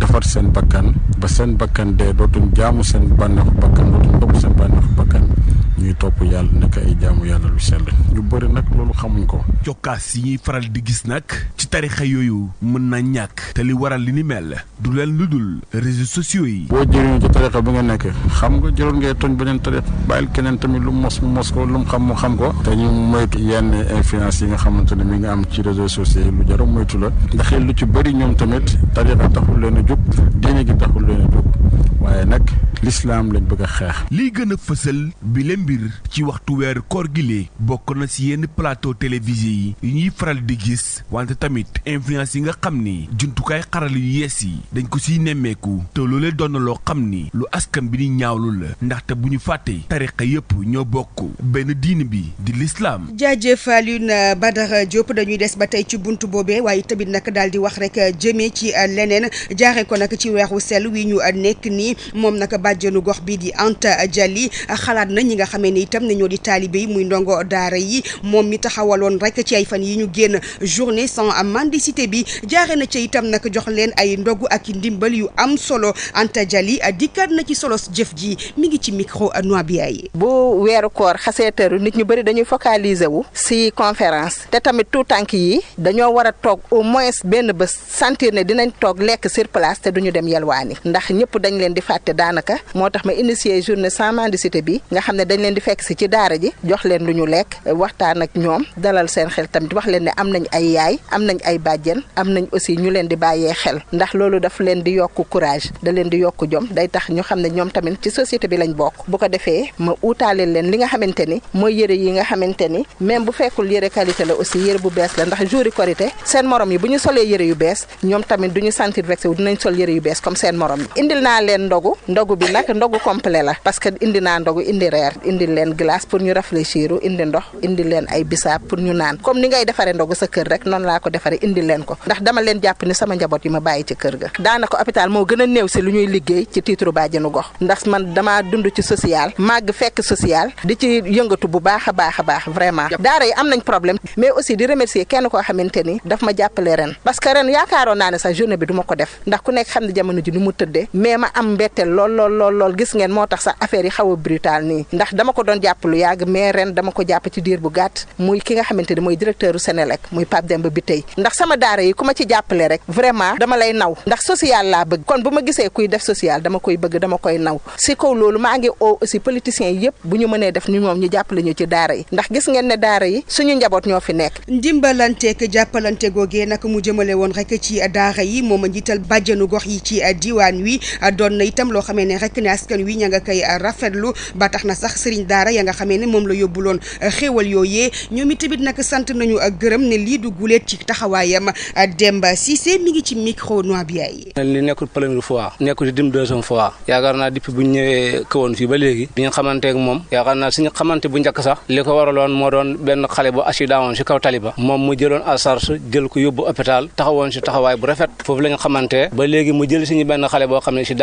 defar seen bakkan ba seen bakkan dee dootuñ jaamu seen bànneexu bakkan dootuñ topp seen bànneexu bakkan ñuy topp yàlla nekk ay jaamu yàlla lu sell ñu bëri nag loolu xamuñ ko. cokkaas yi ñuy faral di gis nag ci tarixa yooyu mën na ñàkk te li waral li ni mel du leen lu dul réseaux sociaux yi. boo jëriñoo ci tarixa bi nga nekk xam nga jëloon ngay toñ beneen tarix bàyyil keneen tamit lu mos mu mos ko lu mu xam mu xam ko. te ñu moytu yenn influence yi nga xamante ne mi nga am ci réseau sociaux yi lu jar moytu la ndax lu ci bëri ñoom tamit tarixa taxul leen a jóg diine waaye nag lislaam lañ bëgg a xeex. liy gën a fësal bi le mbir ci waxtu weer koor gi lee bokk na si yenn plateau télévisé yi yi ñuy faral di gis wante tamit influence yi nga xam ni jumtukaay xaral yu yees yi dañ ko siy nemmeeku te loolee doon na loo xam ni lu askan bi ni ñaawlu la ndaxte bu ñu fàttee tariqa yépp ñoo bokk benn diin bi di lislaam. jaajëf Alioune Badara Diop dañuy des ba tey ci bunt boobee waaye tamit nag daal di wax rek jëme ci leneen jaaree ko nag ci weeru sel nii moom nag bàjjenu gox bi di Anta Jali xalaat nañ ñi nga xamee ne itam ne ñoo di taalibe yi muy ndongo daara yi moom mi taxawaloon rek ci ay fan yi ñu génn journée sans mendicité bi jaare na ci itam nag jox leen ay ndogu ak ndimbal yu am solo Anta Jali dikkaat na ci solo jëf ji mi ngi ci micro noa bi ay bu weeru koor xasee nit ñu bëri dañuy focaliser wu si conférence te tamit tout tànk yi dañoo war a toog au moins benn bés sentir ne dinañ toog lekk sur place duñu dem yelwaani ndax ñëpp ngi leen di fàtte daanaka moo tax ma initier journée sans mendicité bi nga xam ne dañ leen di fekk si ci daara ji jox leen lu ñu lekk waxtaan ak ñoom dalal seen xel tamit wax leen ne am nañ ay yaay am nañ ay bàjjen am nañ aussi ñu leen di bàyyee xel ndax loolu daf leen di yokk courage da leen di yokk jom day tax ñu xam ne ñoom tamit ci société bi lañ bokk bu ko defee ma uutaale leen li nga xamante ni mooy yëre yi nga xamante ni même bu fekkul yëre qualité la aussi yëre bu bees la ndax jouri korité seen morom yi bu ñu solee yëre yu bees ñoom tamit du sentir vexé wu dinañ sol yëre yu bees comme seen morom yi naa leen ndogu ndogu bi nag ndogu complet la parce que indi naa ndogu indi reer indi leen glace pour ñu réfléchir indi ndox indi leen ay bisaab pour ñu naan comme ni ngay defaree ndogu sa kër rek noonu laa ko defaree indi leen ko ndax dama leen jàpp ni sama njaboot yi ma bàyyi ci kër ga daanaka hôpital moo gën a néew si lu ñuy liggéey ci titre bàjjenu gox ndax man dund ci social màgg fekk social di ci yëngatu bu baax a baax a baax vraiment daara yi am nañ problème mais aussi di remercier kenn ni daf ma jàppale ren parce que ren yaakaaroon naa ne sax journée bi du ma ko def ndax am mbetteel lool lool lool lool gis ngeen moo tax sax affaire yi xaw a brutal nii ndax dama ko doon jàpp lu yàgg mais ren dama ko jàpp ci diir bu gàtt muy ki nga xamante ni mooy directeur u Senelec muy Pape Demba bi tey ndax daara yi ku ma ci jàppale rek vraiment dama lay naw ndax social laa bëgg kon bu ma gisee kuy def social dama koy bëgg dama koy naw si kaw loolu maa ngi oo aussi politiciens yëpp bu ñu mënee def ni moom ñu jàppale ñu ci daara yi ndax gis ngeen ne daara yi suñu njaboot ñoo fi nekk ndimbalanteeg jàppalante googee nag mu jëmale woon rek ci daara yi moom njiital bàjjanu gox yi ci diwaan wi doon na itam loo xamee ne rek ne askan wi ña nga koy ah, rafetlu ba tax na sax sëriñ daara ya nga xamee ne moom la yóbbuloon ah, xéewal yooyee ñoom itamit nag sant nañu gërëm ne lii du guleet ci taxawaayam ah, Demba Cissé mi ngi ci micro noa bi ay li nekkul première fois nekkul di dim deuxième fois yaakaar naa depuis bu ñëwee kawoon fii ba léegi bi ñu xamante bu njëkk sax li ko waraloon moo doon benn xale bu accident woon si kaw taliba moom mu jëloon à charge jël ko yóbbu hôpital taxawoon bu rafet foofu la ñu xamante ba léegi mu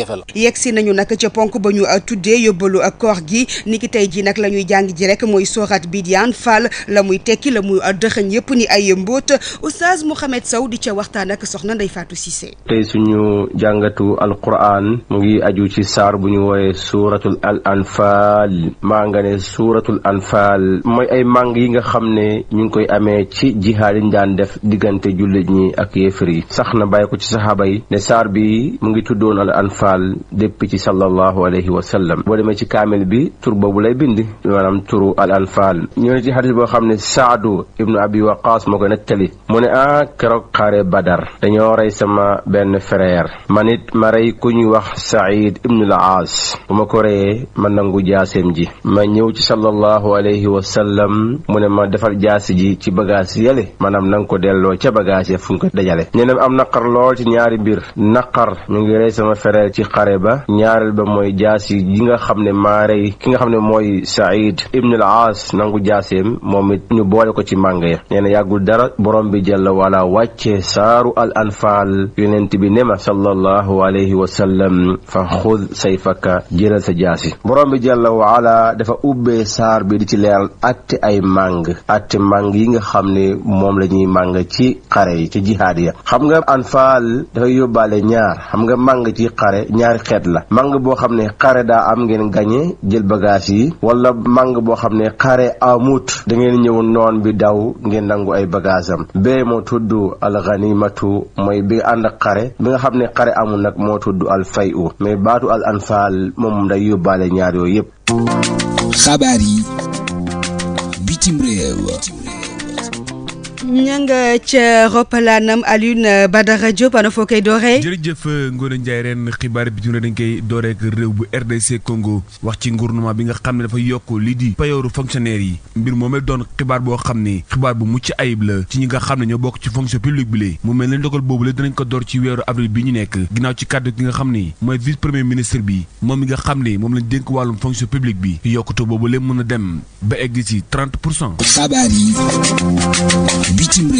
jafe-jafe la yegg si nañu nag ca ponk ba ñu uh, tuddee yóbbalu uh, koor gi niki tey ji nag la ñuy jàng ji rek mooy sooraat bi di Hann la muy tekki la muy uh, dëxëñ yëpp ni ay mbóot oustaz Mouhamed saw di ca waxtaan ak soxna Ndeye Fatou Cissé tey suñu jàngatu alquran mu ngi aju ci saar bu ñu wooyee suuratul al anfaal maa nga ne suuratul anfaal mooy ay màng yi nga xam ne ñu ngi koy amee ci jihaad yi daan def diggante jullit ñi ak yéefar yi sax na bàyyi ko ci saxaaba faal dépp ci sallallahu alayhi wa sallam boo demee ci kaamil bi tur boobu lay bind maanaam turu al anfaal ñoo ne ci xadis boo xam ne saadu ibnu abi waqaas moo koy nettali mu ne ah keroog xare badar dañoo rey sama benn frère man it ma rey ku ñuy wax saïd ibnu al aas bu ma ko reyee ma nangu jaaseem ji ma ñëw ci sallallahu alayhi wa sallam mu ne ma defal jaasi ji ci bagaas yale maanaam nanga ko delloo ca bagaas ya fu nga ko dajale ñeneen am naqar lool ci ñaari mbir naqar ñu ngi rey sama frère ci xare ba ñaareel ba mooy jaasi ji nga xam ne maa rey ki nga xam ne mooy Saïd ibn al Aas nangu jaaseem moom it ñu boole ko ci màng ya nee yàggul dara borom bi jalla wala wàcce saaru al anfaal yonent bi ne ma sallallahu alayhi wa sallam fa xud sayfaka jëlal sa jaasi borom bi jalla wala dafa ubbee saar bi di ci leeral atte ay màng atte màng yi nga xam ne moom la ñuy màng ci xare yi ci jihaad ya xam nga anfaal dafay yóbbaale ñaar xam nga màng ci xare ñaari xeet la màng boo xam ne xare daa am ngeen gañe jël bagage yi wala màng boo xam ne xare amut da ngeen ñëw noon bi daw ngeen nangu ay bagage am bee moo tudd alxanimatu mooy bi ànd ak xare bi nga xam ne xare amul nag moo tudd al fay u mais baatu al anfaal moom day yóbbaale ñaar yooyu yëpp xabaar yi ña nga ca roppalaanam Alioune Badara Diop ana foo koy dooree. jërëjëf Ngoné Ndiaye ren xibaar bi ñu dañ koy dooree ak réew bu RDC Congo wax ci gouvernement bi nga xam ne dafa yokk lii di payooru fonctionnaire yi mbir moom moomee doon xibaar boo xam ne xibaar bu mucc ayib la ci ñi nga xam ne ñoo bokk ci fonction publique bi la mu mel ne ndogal boobu la dinañ ko door ci weeru avril bi ñu nekk ginnaaw ci kàddu gi nga xam ni mooy vice premier ministre bi moom mi nga xam ne moom lañ dénk wàllum fonction publique bi yokkute boobu la mën a dem ba egg ci pour cent. bitim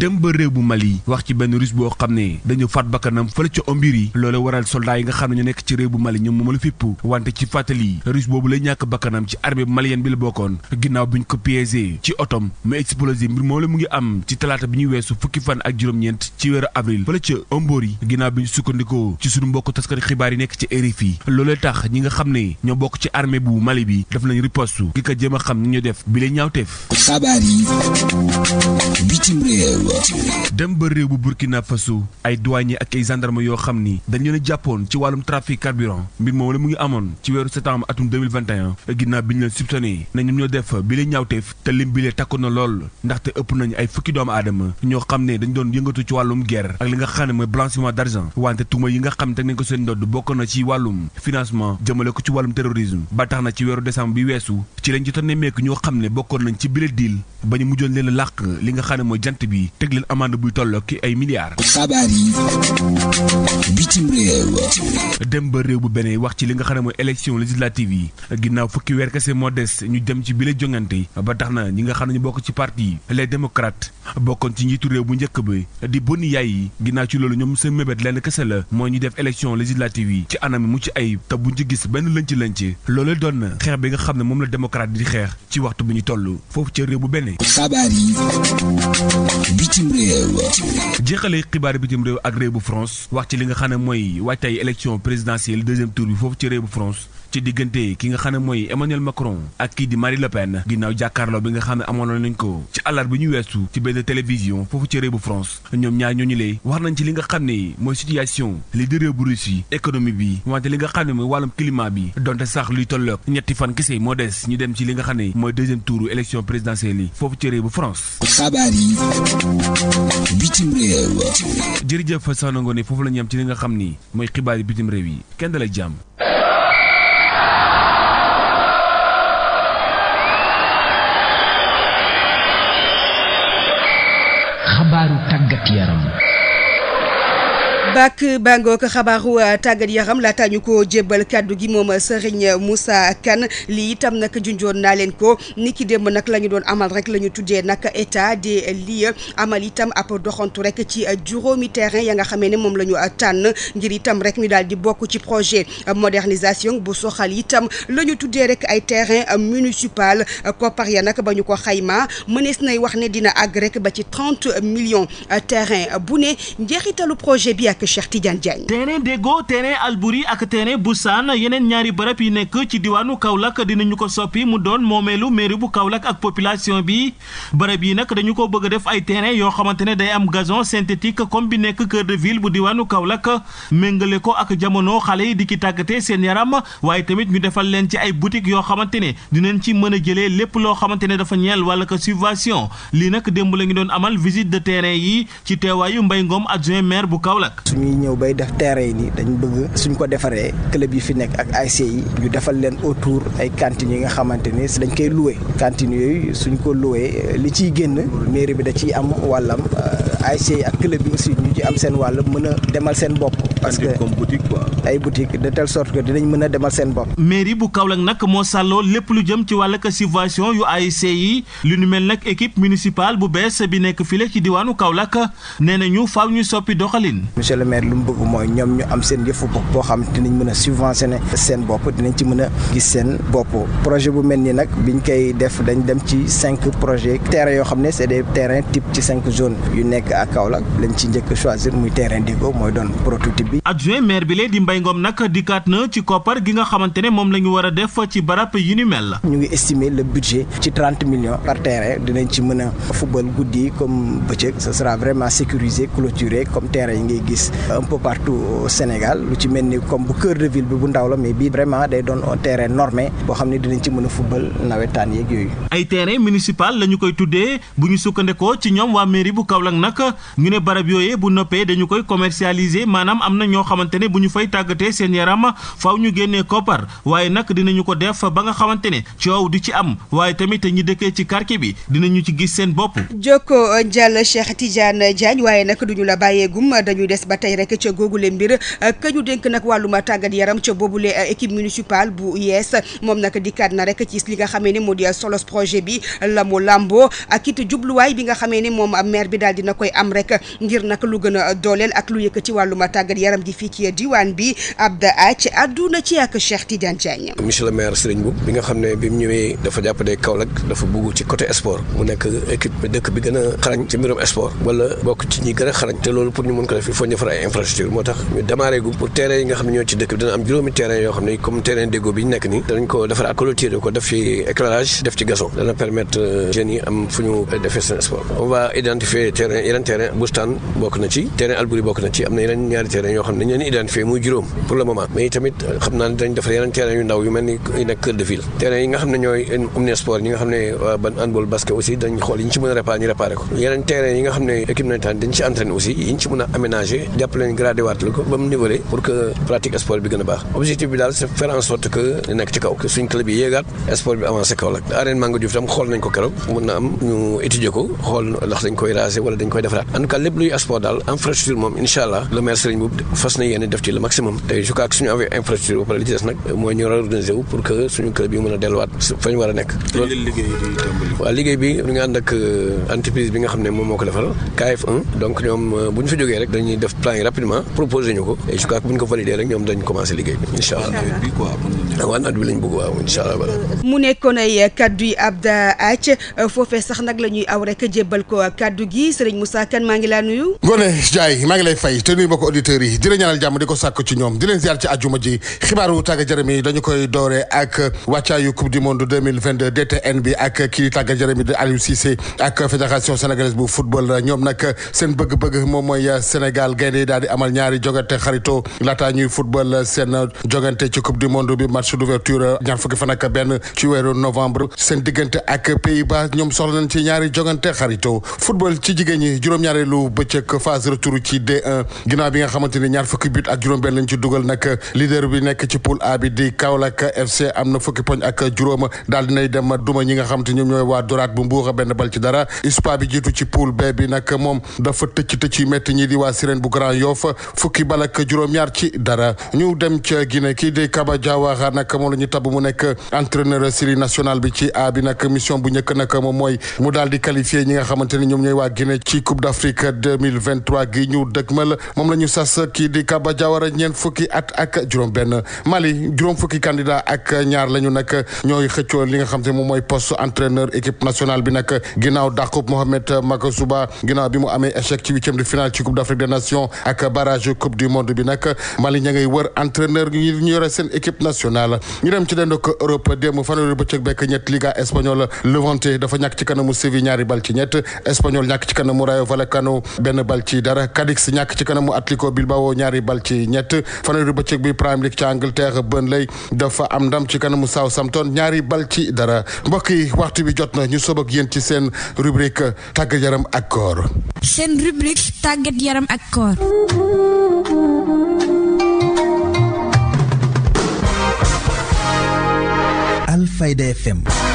dem ba réew bu Mali wax ci benn russe boo xam ne dañu faat bakkanam fële ca yi loolu waral soldat yi nga xam ne ñu nekk ci réew bu Mali ñoom moom la fépp wante ci fàttali russe boobu la ñàkk bakkanam ci armée malienne bi la bokkoon ginnaaw bi ñu ko piégé ci otom mu explosé mbir moom la mu ngi am ci talaata bi ñuy weesu fukki fan ak juróom-ñeent ci weeru avril fële ca Ombori ginnaaw bi ñu sukkandikoo ci suñu mbokk taskati xibaar yi nekk ci RFI loolee tax ñi nga xam ne ñoo bokk ci armée bu Mali bi daf nañ riposte gi ko jëm a xam ni def bi la ñaawteef xabaar dem ba réew Burkina Faso ay douanier ak ay gendarme yoo xam ni dañ leen a jàppoon ci wàllum trafic carburant mbir moom la mu ngi amoon ci weeru septembre atum 2021 ginnaaw bi ñu leen soupçonné na ñoom ñoo def bi lee ñaawteef te lim bi na lool ndaxte ëpp nañu ay fukki doomu aadama ñoo xam ne dañ doon yëngatu ci wàllum guerre ak li nga xam ne mooy blanchiment d'argent wante tuuma yi nga xam ne teg nañ ko seen ndodd bokk na ci wàllum financement jëmale na ci weeru décembre bi weesu ci lañ ci tane meek ñoo xam ne bokkoon li nga xam ne mooy jant jël amande buy tolloo ki ay milliards. xabaar yi bitim réew. dem ba réew bu beneen wax ci li nga xam ne mooy élection législative yi ginnaaw fukki kese moo des ñu dem ci bile jongante ba tax na ñi nga xam ne ñu bokk ci parti yi les démocrates bokkoon ci njiitu réew bu njëkk bi di Boni Yayi ginnaaw ci loolu ñoom seen mébét lenn kese la mooy ñu def élection législative yi ci anam mu ci ay te buñ ci gis benn lënc lënc loolu doon xeex bi nga xam ne moom la démocrate di xeex ci waxtu bi ñu toll foofu ca réew bu beneen. bitim réew jeexale xibaar bitim réew ak réew bu France wax ci li nga xam ne mooy waajtaay élection présidentielle deuxième tour bi foofu ci réew bu France ci diggante ki nga xam ne mooy Emmanuel Macron ak kii di Marine Le Pen ginnaaw jàkkaarloo bi nga xam ne amoonoon nañ ko ci àllarba bi ñu weesu ci benn télévision foofu ci réew bu France ñoom ñaar ñooñu lee wax nañ ci li nga xam ne mooy situation li di réew bu Russie économie bi wante li nga xam ne mooy wàllum climat bi donte sax luy tolloog ñetti fan kese moo des ñu dem ci li nga xam ne mooy deuxième tour élection présidentielle yi foofu ci réew bu France. xabaar yi bitim réew. jërëjëf Soxna foofu la ñu am ci li nga xam ni mooy xibaar yi bitim réew yi kenn dalay jàmm. xabaaru tàggat yaram bàkk bàngook xabaaru euh, tàggat yaram laataa ñu ko jébbal kàddu gi moom Serigne Moussa Kane lii itam nag junjoon naa leen ko ni ki démb nag la ñu doon amal rek la ñu tuddee nag état des lieux amal itam ab doxantu rek ci juróomi terrain ya nga xamee ne moom la ñu tànn ngir itam rek ñu daal di bokk ci projet modernisation bu soxal itam la ñu tuddee rek ay terrain municipal koppar ya nag ba ñu ko xayma mënees nay wax ne dina àgg rek ba ci trente millions terrain bu ne njeexitalu projet bi ak ak Cheikh Tidiane Diagne. terrain Déggo terrain Albouri ak terrain Boussan yeneen ñaari barab yi nekk ci diwaanu Kaolack dinañu ko soppi mu doon moomeelu mairie bu Kaolack ak population bi barab yi nag dañu ko bëgg a def ay terrain yoo xamante ne day am gazon synthétique comme bi nekk kër de ville bu diwaanu Kaolack méngale ko ak jamono xale yi di ki tàggatee seen yaram waaye tamit ñu defal leen ci ay boutique yoo xamante ne dinañ ci mën a jëlee lépp loo xamante ne dafa ñeel wala ko subvention lii nag démb la ngi doon amal visite de terrain yi ci teewaayu Mbaye Ngom adjoint bu Kaolack suñuy ñëw bay def terrain yi nii dañ bëgg suñ ko defaree club yi fi nekk ak ay ASC yi ñu defal leen autour ay cantines yi nga xamante ne dañ koy loué cantines yooyu suñ ko loué li ciy génn mairie bi da ciy am wàllam ASC yi ak club yi aussi ñu ci am seen wàll mën a demal seen bopp. parce que comme ay boutique de telle sorte que dinañ mën a demal seen bopp. mairie bu Kaolack nag moo sàlloo lépp lu jëm ci wàllug subvention yu ay ASC yi lu nu mel nag équipe municipale bu bees bi nekk file ci diwaanu Kaolack nee na ñu faaw ñu soppi le maire lu mu bëgg mooy ñoom ñu am seen yëfu bopp boo xam dinañ mën a subventionné seen bopp dinañ ci mën a gis seen bopp projet bu mel nii nag ñu koy def dañ dem ci cinq projet terrain yoo xam ne c'est des terrains type ci cinq zones yu nekk à Kaolack lañ ci njëkk choisir muy terrain di Digo mooy doon prototype bi. adjoint maire bi lee di Mbaye Ngom nag dikkaat na ci koppar gi nga xamante ne moom la ñu war a def ci barab yu ni mel. ñu ngi estimer le budget ci trente millions par terrain dinañ ci mën a football guddi comme bëccëg ce sera vraiment sécurisé clôturé comme terrain yi ngay gis. gis un peu lu ci mel ni comme bu cœur de ville bu ndaw la bii vraiment day doon un terrain normé boo xam ne dinañ ci mën a football nawetaan yeeg yooyu. ay terrain municipal la ñu koy tuddee bu ñu sukkandikoo ci ñoom waa bu Kaolack nag ñu ne barab yooyee bu noppee dañu koy commercialiser maanaam am na ñoo xamante ne bu ñu fay tàggatee seen yaram faaw ñu génnee koppar waaye nag dinañu ko def ba nga xamante ne coow di ci am waaye tamit ñi dëkkee ci quartier bi ñu ci gis seen bopp. Jokko Jàll Cheikh Tidiane Diagne waaye nag duñu la bàyyee bàyyeegum dañuy des ba tey rek ca googule mbir eh, ka ñu dénk nag wàllum tàggat yaram ca boobule eh, équipe municipale bu yees moom nag dikkaat na rek ci li nga xamee ne moo di eh, solos projet bi la mu làmboo ak it jubluwaay bi nga xamee ne moom maire bi daal dina koy am rek ngir nag lu gën a dooleel ak lu yëkkati wàllum tàggat yaram gi fii ci diwaan bi Abda Ath àdduna ci ak Cheikh Tidiane Diagne. monsieur le maire Serigne Mboup bi nga xam ne bi mu ñëwee dafa jàppale Kaolack dafa bugg ci côté sport mu nekk équipe dëkk bi gën a xarañ ci mbirum sport ay infrastructure moo tax ñu démarré gu pour terrain yi nga xam ne ñoo ci dëkk bi dana am juróomi terrain yoo xam ne comme terrain déggoo bi ñu nekk euh, na ci terrain Albouri euh, ñooy sport ñi nga xam ne handball basket aussi dañ xool yi ñu ci mën a réparer ñu réparer ko yeneen terrain yi nga xam ne équipe nationale dañ ci entraîner aussi yi ñu ci mën a aménager jàppale leen gradé waat la ko ba mu nivelé pour que pratique sport bi gën a baax objectif bi daal c'est faire en nekk ci kaw que suñ yi yéegaat sport bi avancé kaw la arène Manga Diouf tam xool nañ ko keroog mun na am ñu étudier ko xool ndax dañ koy raser wala dañ koy defaraat en tout cas luy sport daal infrastructure moom incha allah le maire Serigne Boub fas na yéene def ci le maximum te je suñu amee infrastructure ba plan yi rapidement proposé ñu ko et je crois que bu ñu ko validé rek ñoom dañ commencé liggéey bi incha allah bi quoi waaw mu nekkoon ay yi Abda Athie foofee sax nag la aw rek jébbal ko kaddu gi Serigne Moussa Kane maa ngi laa nuyu Ngoné Ndiaye maa ngi lay fay te nuyu mbokk auditeurs yi di la ñaanal jàmm di ko sàkk ci ñoom di leen ziar ci àjjuma ji xibaaru tàggat yaram dañu koy doore ak wàccaayu coupe du monde 2022 DTN bi ak kii tàggat yaram yi di ak fédération gaynde yi daal di amal ñaari jogante xarito laataa ñuy football seen jogante ci coupe du monde bi match d'ouverture ñaar fukki fan ak benn ci weeru novembre seen diggante ak Pays-Bas ñoom soxla nañ ci ñaari jogante xarito football ci jigéen ñi juróom-ñaareelu bëccëg phase retour ci D1 ginnaaw bi nga xamante ni ñaar fukki but ak juróom-benn lañ ci dugal nag leader bi nekk ci poule A bi di Kaolack FC am na fukki poñ ak juróom daal dinay dem duma ñi nga xamante ñoom ñooy waa bu B bi nag moom dafa tëcc tëcc yu métti ñi di waa Sirène Grand Yoff fukki bal ak juróom-ñaar ci dara ñu dem ca Guinée kii di Kaba Diawara nag moom la ñu tabb mu nekk entraîneur série nationale bi ci A bi mission bu njëkk nag moom mooy mu daal di qualifié ñi nga xamante ni ñoom ñooy waa Guinée ci Coupe d'Afrique 2023 gi ñu dëgmal moom la ñu sas kii di Kaba a ñeent fukki at ak juróom-benn Mali juróom fukki candidat ak ñaar la ñu nag ñooy xëccoo li nga xamante ni moom mooy poste entraîneur équipe nationale bi nag ginnaaw dàqub Mohamed Makasuba ginnaaw bi mu amee échec ci huitième de finale ak barrage coupe du monde bi nag Mali ña ngay wër entraîneur ñi ñu yore seen équipe nationale ñu dem ci dendok Europe démb fanweeri bëccëg bekk ñett Liga espagnole Levante dafa ñàkk ci kanamu Séville ñaari bal ci ñett espagnol ñàkk ci kanamu Rayo Vallecano benn bal ci dara Cadix ñàkk ci kanamu Atlético Bilbao ñaari bal ci ñett fanweeri bëccëg bi Premier League ci Angleterre Burnley dafa am ndam ci kanamu Southampton ñaari bal ci dara mbokk yi jot na ñu sob ak yéen ci seen rubrique tàggat yaram ak koor Alfayda FM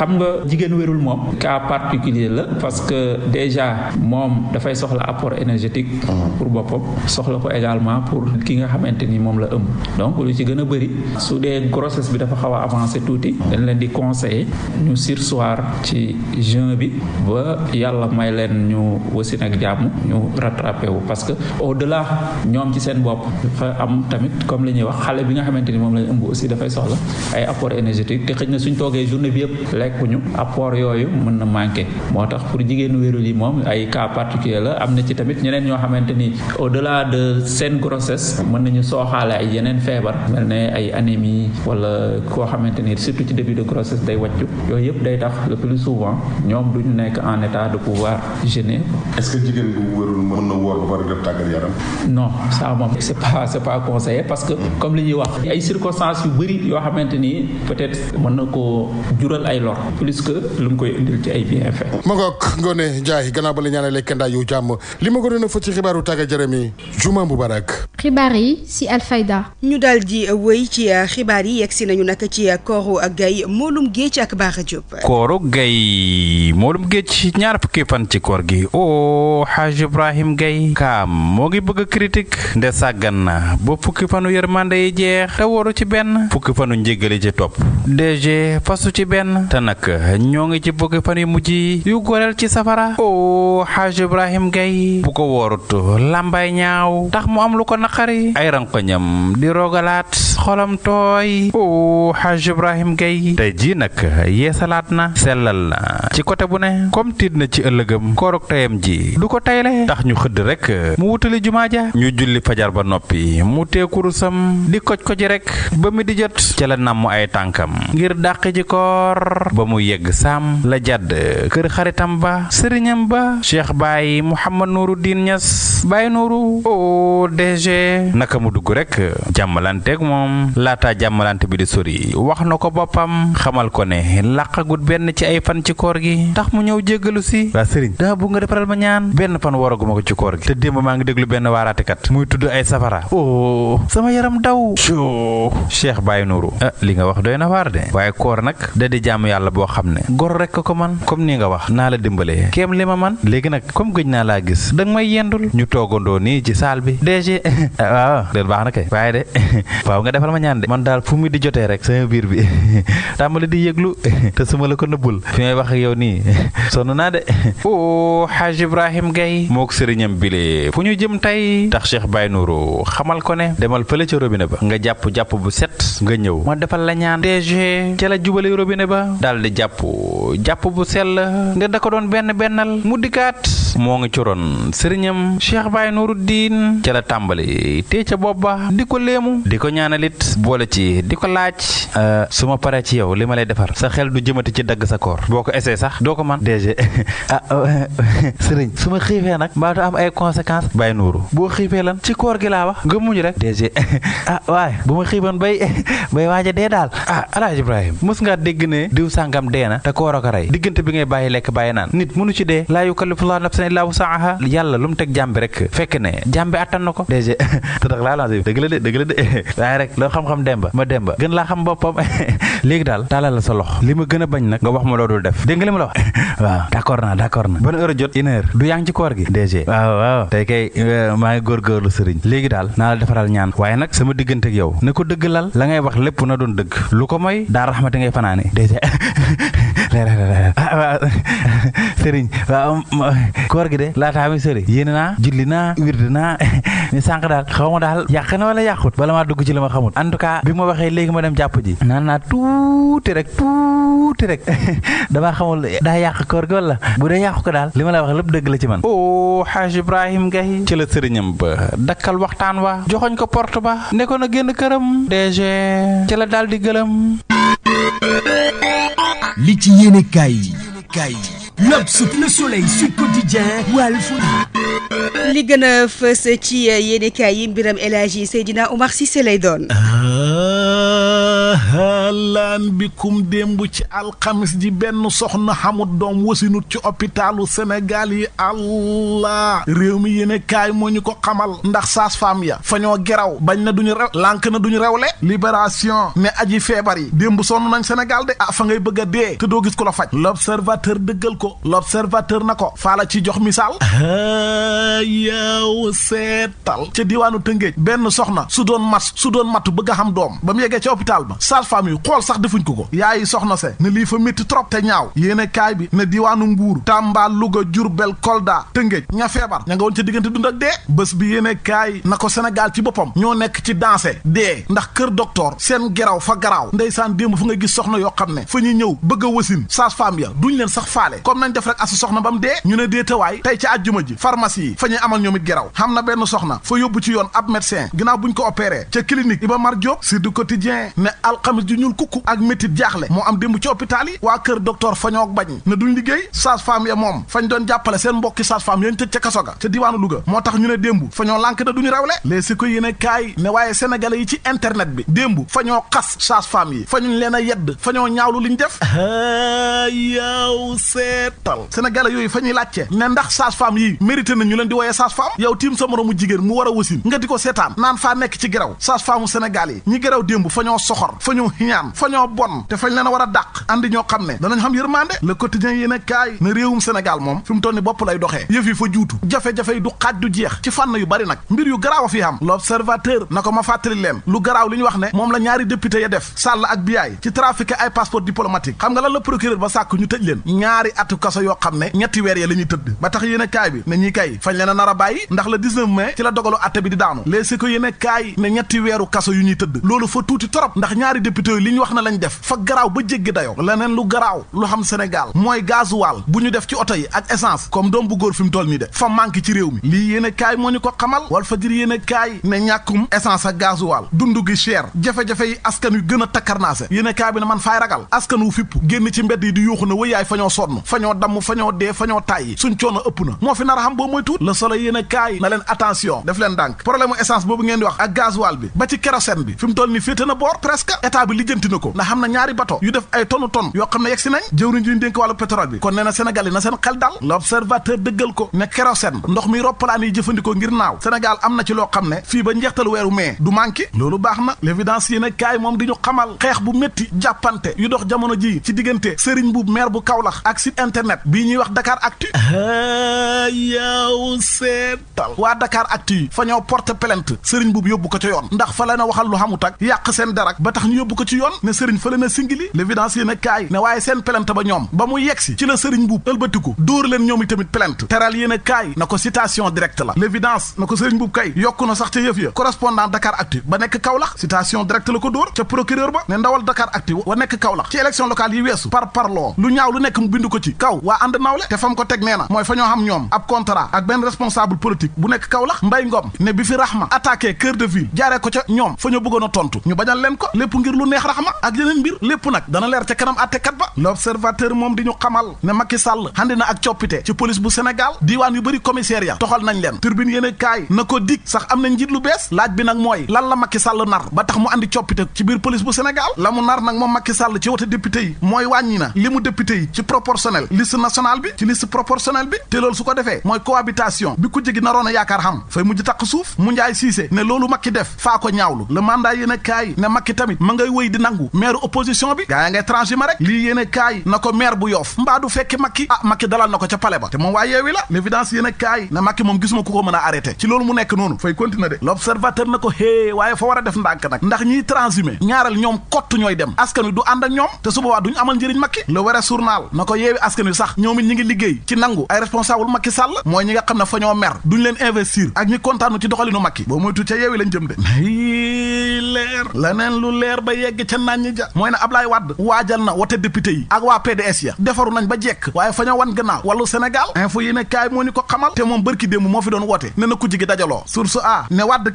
xam nga jigéen wérul moom cas particulier la parce que déjà moom dafay soxla apport énergétique mm-hmm. pour boppam soxla ko également pour ki nga xamante ni moom la ëmb donc lu ci gën a bëri su dee grossesse bi dafa xaw a avancé tuuti dañ leen di conseiller ñu soir ci juin bi ba yàlla may leen ñu wasin ak jàmm ñu rattrapé wu parce que au delà ñoom ci seen bopp dafa am tamit comme li ñuy wax xale bi nga xamante ni moom lañ ëmb aussi dafay soxla ay apport énergétique te xëy na suñ toogee journée fekkuñu apport yooyu mën na manqué moo tax pour jigéenu wérul yi moom ay cas particulier la am na ci tamit ñeneen ñoo xamante ni au delà de seen grossesse mën nañu sooxaale ay yeneen feebar mel ne ay anémie wala koo xamante ni surtout ci début de grossesse day wàccu yooyu yëpp day tax le plus souvent ñoom duñu nekk en état de pouvoir gêner. est-ce que jigéen bu wérul mën na woor ba def tàggat yaram. non ça moom c'est pas c'est pas conseillé parce li ñuy wax ay circonstances yu ni peut-être mën na koo jural ay plus que lu mu koy indil ci ay bienfaits. ma ngoog Ngoné Ndiaye gannaaw ba la ñaanalee Kenda yu jàmm li ma gënoon a fa ci xibaaru tàggat yaram yi juma mubarak. xibaar yi si Alfayda. ñu daal di wëy ci euh, xibaar yi yegsi nañu nag ci euh, kooru gay moolum géej ak Baara Diop. kooru gay moolum géej ñaar fukki fan ci koor gi o Haji Ibrahim Gaye kaam moo ngi bëgg a critique nde sàggan na ba fukki fanu yërmande yi jeex te waru ci benn fukki fanu njégale ci topp DG fasu ci benn nag ñoo ngi ci bëgg fan yu mujj yu goreel ci safara o xaaj ibrahim gay bu ko woorut làmbaay ñaaw tax mu am lu ko naqari ay rankoñam di roogalaat xolam tooy o xaaj ibrahim gay tey jii nag yeesalaat na sellal na ci côté bu ne comme tiit na ci ëllëgam koorog tayam ji du ko tayle ndax ñu xëdd rek mu wutali jumaa ja ñu julli fajar ba noppi mu tee kurusam di koj koji rek ba mi di jot ca la namm ay tànkam ngir dàq koor ba mu yegg saam la jàdd kër xaritam ba sëriñam ba cheikh baay diin ñas Niass baay Nourou ODG naka mu dugg rek jàmmalanteeg moom laataa jàmmalante bi di sori wax na ko boppam xamal ko ne làqagut benn ci ay fan ci koor gi tax mu ñëw jéggalu si waa sëriñ daa bu nga defaral ma ñaan benn fan waraguma ko ci koor gi te démb maa ngi déglu benn waaraatekat muy tudd ay safara oh sama yaram daw cheikh baay Nourou ah li nga wax doy na waar yàlla boo xam ne gor rek ko man comme ni nga wax naa la dimbalee kéem li ma man léegi nag comme gëj naa laa gis danga may yendul ñu toogandoo nii ci saal bi DG ah, waaw loolu baax na kay waaye de waaw nga defal ma ñaan de man daal fu mu jotee rek sama biir bi tàmbali di yëglu te su ma fi may wax yow nii sonn naa de o oh, Haaj Ibrahim Gaye mook sëriñam bile fu ñu jëm tey tax Cheikh Baye Nourou xamal ko ne demal fële ca robine ba nga jàpp jàpp bu set nga ñëw ma defal la ñaan DG ca la jubale robinet ba daal di jàpp jàpp bu sell nde da ko doon benn bennal mu dikkaat moo ngi coroon sëriñam Cheikh Baye Nouruddin ca la tàmbali te ca bopp ba di ko léemu di ko ñaanalit boole ci di ko laaj euh, su ma paree ci yow li ma lay defar sa xel du jëmati ci dagg sa koor boo ko esee sax doo ko man dèj ah euh, sëriñ su ma xiifee nag mbaa am ay conséquences Baye Nourou boo xiifee lan ci koor gi laa wax gëmmuñu rek dèj ah waaye bu ma xiifoon bay bay waaja dee daal ah alaaj Ibrahima sàngam dee na te koor a ko rey diggante bi ngay bàyyi lekk bàyyi naan nit mënu ci dee laa yukallifullahu nafsan illaa wusaaha yàlla lu mu teg jàmm bi rek na ko dèjà la de dëgg la de waaye la sa lox li ma gën a bañ nag nga wax ma loo la wax waaw d'accord na d'accord na ban heure jot une heure du yaa ngi ci koor gi dèjà waaw waaw tey kay euh, maa ngi góorgóorlu sëriñ léegi daal naa la defaral ñaan waaye nag sama diggante ak yow ne ko dëgg lal la ngay wax lépp na doon dëgg lu ko mooy daa raxmati ngay fanaane dèjà sëriñ waaw koor gi de laataa mi sëriñ yéene naa jilli naa wirde naa ni sànq daal xaw ma daal yàq na wala yàqut bala maa dugg ci la ma xamut en tout cas bi ma waxee léegi ma dem jàpp ji naan naa tuuti rek tuuti rek damaa xamul daa yàq koor gi wala bu dee yàqu ko daal li ma la wax lépp dëgg la ci man o oh, xaaj Ibrahim Gaye ci sëriñam ba dakkal waxtaan wa joxoñ ko porte ba nekkoon a na génn këram DG ci la daal di gëlëm li ci yéene kaay yi kaay yi L'Obs, Le Soleil, Sud li gën a fës ci euh, yéenekaay yi mbiram El Hadji Seydina Omar Cissé lay doon. halaan ah, bikum démb ci alxamis ji benn soxna xamut doom wasinut ci hôpitalu Sénégal yi allah réew mi yéen kaay moo ñu ko xamal ndax saas faam ya fa ñoo geraw bañ na duñu rew lank na duñu rewle libération ne aji feebar yi démb sonn nañ senegal de a ah, fa ngay bëgg a dee te doo gis ko la faj l'observateur dëggal ko ko l'observateur na ko faala ci jox misaal yow seetal ca diwaanu tëngéej benn soxna su doon mas su doon mattu bëgg a xam doom ba mu yeggee ca hôpital ba sage-femme yi xool sax defuñ ko ko yaayi soxna se ne lii fa métti trop te ñaaw yéene kaay bi ne diwaanu mbuur Tamba Louga Diourbel Kolda tëngéej ña feebar ña nga woon ca diggante dund ak dee bés bi yéene na ko Sénégal ci boppam ñoo nekk ci dansé dee ndax kër docteur seen geraw fa garaaw ndeysaan démb fu nga gis soxna yoo xam ne fa ñu ñëw bëgg a nañ def rek ba dee ñu ne déetawaay tey ci àjjuma ji pharmacie yi fa ñuy amal na benn soxna fa yóbbu ci yoon ab médecin ginnaaw buñ alxamis ju ñuul kukku ak métit jaaxle moo am démb ci hôpital yi waa kër docteur fa ñoo bañ ne duñ liggéey sage-femme ya moom fañ doon jàppale seen mbokki sage-femme yañ tëj ca kaso ga ca diwaanu Louga moo tax ñu ne démb fa ñoo lànk da duñu rawle les si ko yéene kaay ne waaye sénégalais yi ci internet bi démb fa ñoo xas sage yi fa ñuñ leen a yedd fa ñoo ñaawlu liñ def yow seet seetal sénégalais yooyu fa ñuy laajte ne ndax sage-femme yi mérité na ñu leen di woyee sage-femme yow tiim sa moroomu jigéen mu war a wasin nga di ko seetaan naan faa nekk ci geraw sage-femme sénégal yi ñi geraw démb fa ñoo soxor fa ñoo xiñaan fa ñoo bon te fañ leen a war a dàq andi ñoo xam ne danañ xam yërmande le quotidien yéen a kaay ne réewum sénégal moom fi mu toll ni bopp lay doxee yëf yi fa juutu jafe-jafe yi du xaaj du jeex ci fànn yu bari nag mbir yu garaaw a fi am l'observateur na ma fàttali leen lu garaaw li ñu wax ne moom la ñaari député ya def Sall ak Biaye xam nga lan la procureur ba sàkk ñu tëj leen ñaari at atu kaso yoo xam ne ñetti weer ya la ñuy tëdd ba tax yéen a kaay bi ne ñi kay fañ leen a nar a ndax le 19 mai ci la dogalu atte bi di daanu léegi ko yéen a kaay ne ñetti weeru kaso yu ñuy tëdd loolu fo tuuti torop ndax ñaari député yi li ñu wax na lañu def fa garaaw ba jéggi dayoo leneen lu garaaw lu xam Sénégal mooy gasoil bu ñu def ci oto yi ak essence comme doom bu góor fi mu toll nii de fa manque ci réew mi lii yéen kaay moo ñu ko xamal wal fajir yéen a kaay ne gën a takkarnaase yéen a kaay bi ne man faay ragal askan wu fipp génn ci mbedd yi di yuuxu na wëyaay fa ñoo damm fa ñoo dee fa ñoo ëpp na moo fi nar a xam boo mooy tuut le soleil yéen a kaay na leen attention def leen dànk problème essence boobu ngeen di wax ak gasoil bi ba ci kérosène bi fi mu toll ni féete na boor presque état bi lijjanti na ko na xam na ñaari bato yu def ay tonne tonne yoo xam ne yegsi nañ jëwriñ ñu dénk wàllu pétrole bi kon nee na Sénégal na seen xel dal l'observateur dëggal ko ne kérosène ndox mi roppalaan jëfandikoo ngir naaw Sénégal am na ci loo xam ne a kaay moom di ñu xamal xeex bu métti jàppante yu dox jamono internet bii ñuy wax dakaar Actu yow seetal waa Dakar Actu yi fa ñoo porte plainte sëriñ bubu yóbbu ko ca yoon ndax fa la na waxal lu xamut ak yàq seen darak ba tax ñu yóbbu ko ci yoon ne sëriñ fa la na singili l'évidence yéen a kaay ne waaye seen plainte ba ñoom ba mu yegsi ci la sëriñ buub ëlbatiku dóor leen ñoom i tamit plainte teral yéen a kaay na ko citation directe la l'évidence na ko sëriñ buub kay yokku na sax ca yëf ya correspondant Dakar Actu ba nekk Kaolack citation directe la ko dóor ca procureur ba ne ndawal Dakar Actu wa nekk Kaolack ci lu ñaaw nekk mu bind ko ci kaw waa ànd nawle te fam ko teg nee na mooy fañoo ñoo xam ñoom ab contrat ak benn responsable politique bu nekk kaw lax mbay ngom ne bi fi raxma attaqué cœur de ville jaare ko ca ñoom fa ñu bëggoon tontu ñu bañal leen ko lépp ngir lu neex raxma ak yeneen mbir lépp nag dana leer ca kanam àttekat ba l'observateur moom di ñu xamal ne Macky Sall xandi na ak coppite ci police bu Sénégal diiwaan yu bëri commissaire ya toxal nañ leen turbine yéen kaay na ko dig am na njiit lu bees laaj bi nag mooy lan la Macky Sall nar ba tax mu andi coppite ci biir police bu la mu nar nag moom Macky Sall ci wote député yi wàññi na li mu député yi ci proportionnel liste nationale bi ci liste proportionnelle bi te loolu su ko defee mooy cohabitation bi ku jigi a yaakaar xam fay mujj takk suuf mu njaay siise ne loolu makki def faa ko ñaawlu le mandat yéen kaay ne makki tamit ma ngay di nangu maire opposition bi gaa yaa ngay transhumé rek lii yéen a kaay na ko maire bu yoof mbaa du fekki makki ah makki dalal na ko ca pale ba te moom waa yeewi la l' évidence yéen a kaay ne makki moom gisuma ku ko mën a arrêté ci loolu a askan wi sax ñoom it ñi ngi liggéey ci nangu ay responsable Macky Sall mooy ñi nga xam ne fa mer duñ leen investir ak ñi kontaanu ci doxalinu Macky boo moytu ca yeewi lañ jëm de leer leneen lu leer ba yegg ca naan ñi ja mooy ne Ablaye Wade waajal na wote député yi ak waa PDS ya defaru nañ ba jekk waaye fa wan gannaaw wàllu Sénégal info yi ne moo ñu ko xamal te moom bërki démb moo fi doon woote ne na kujje gi dajaloo source a ne Wade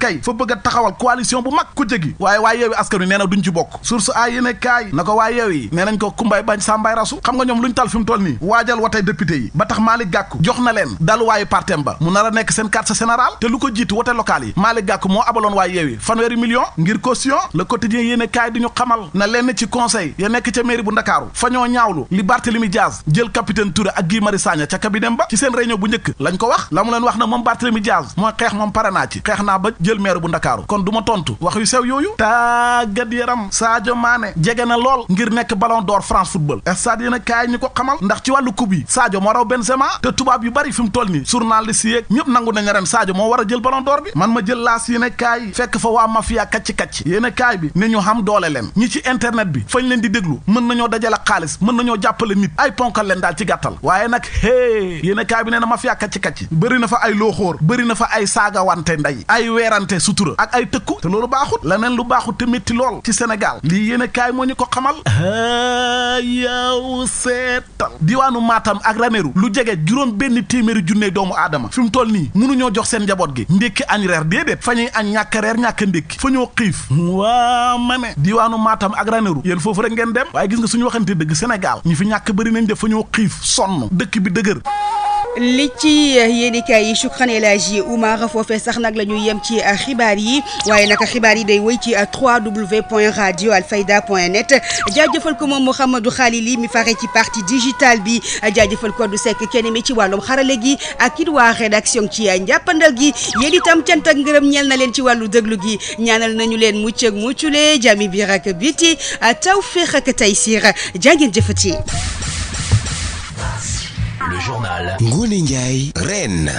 a a yi waajal watay député yi ba tax Malick Gakou jox na leen daluwaayu partem ba mu nar a nekk seen carte générale te lu ko jiitu wote locale yi Malick Gakou moo abaloon waaye yeewi fanweeri million ngir caution le quotidien yéene kaay di ñu xamal na lenn ci conseil ya nekk ca mairie bu ndakaaru fa ñoo ñaawlu li Barthélemy Diaz jël capitaine Touré ak Guy Marius Sagna ca cabinet ba ci seen réunion bu njëkk lañ ko wax la leen wax na moom Barthélemy Diaz mooy xeex moom naa ci xeex naa ba jël maire bu ndakaaru kon du ma tontu wax yu sew yooyu tàggat yaram Sadio jege na lool ngir nekk ballon d'or France football stade yéene kaay ñu ko xamal ndax ci wàllu kub yi Sadio moo raw Benzema te tubaab yu bari fi mu toll ni si yeeg ñëpp nangu nañu ren Sadio moo war a jël ballon d'or bi man ma jël laas yéen a kaay fekk fa waa mafia kacc-kacc yéen a kaay bi ne ñu xam doole leen ñi ci internet bi fañ leen di déglu mën nañoo dajale xaalis mën nañoo jàppale nit ay ponkal leen daal ci gàttal waaye nag hé yéen a kaay bi nee na mafia kacc-kacc bëri na fa ay looxóor bëri na fa ay saagawante nday ay weerante sutura ak ay tëkku te leneen lu baaxut te lool ci Sénégal lii yéen a kaay moo ñu ko xamal diwaanu maatam ak Rameru lu jege juróom benn téeméeri junne doomu aadama fi mu toll nii mënuñoo jox seen njaboot gi ndékki añ reer déedéet fa ñuy añ ñàkk reer ñàkk ndékki fa ñoo xiif mu waa ma ne diwaanu Matam ak Rameru yéen foofu rek ngeen dem waaye gis nga suñu waxante dëgg Sénégal ñi fi ñàkk bari nañ de fa ñoo xiif sonn dëkk bi dëgër li ci yéenikaay yi Choukran El Hadji Oumar foofee sax nag la ñu yem ci xibaar yi waaye nag xibaar yi day woy ci 3w point radio alfayda point net jaajëfal ko moom Mouhamadou Khalili mi fare ci parti digitale bi jaajëfal ko du sekk kenn mi ci wàllum xarale gi ak it waa rédaction ci njàppandal gi yéen itam cant ak ngërëm ñeel na leen ci wàllu déglu gi ñaanal nañu leen mucc ak muccule jàmmi biir ak biti tawféex ak taysiir jaa ngeen jëfati le journal Ngoné Ndiaye Reine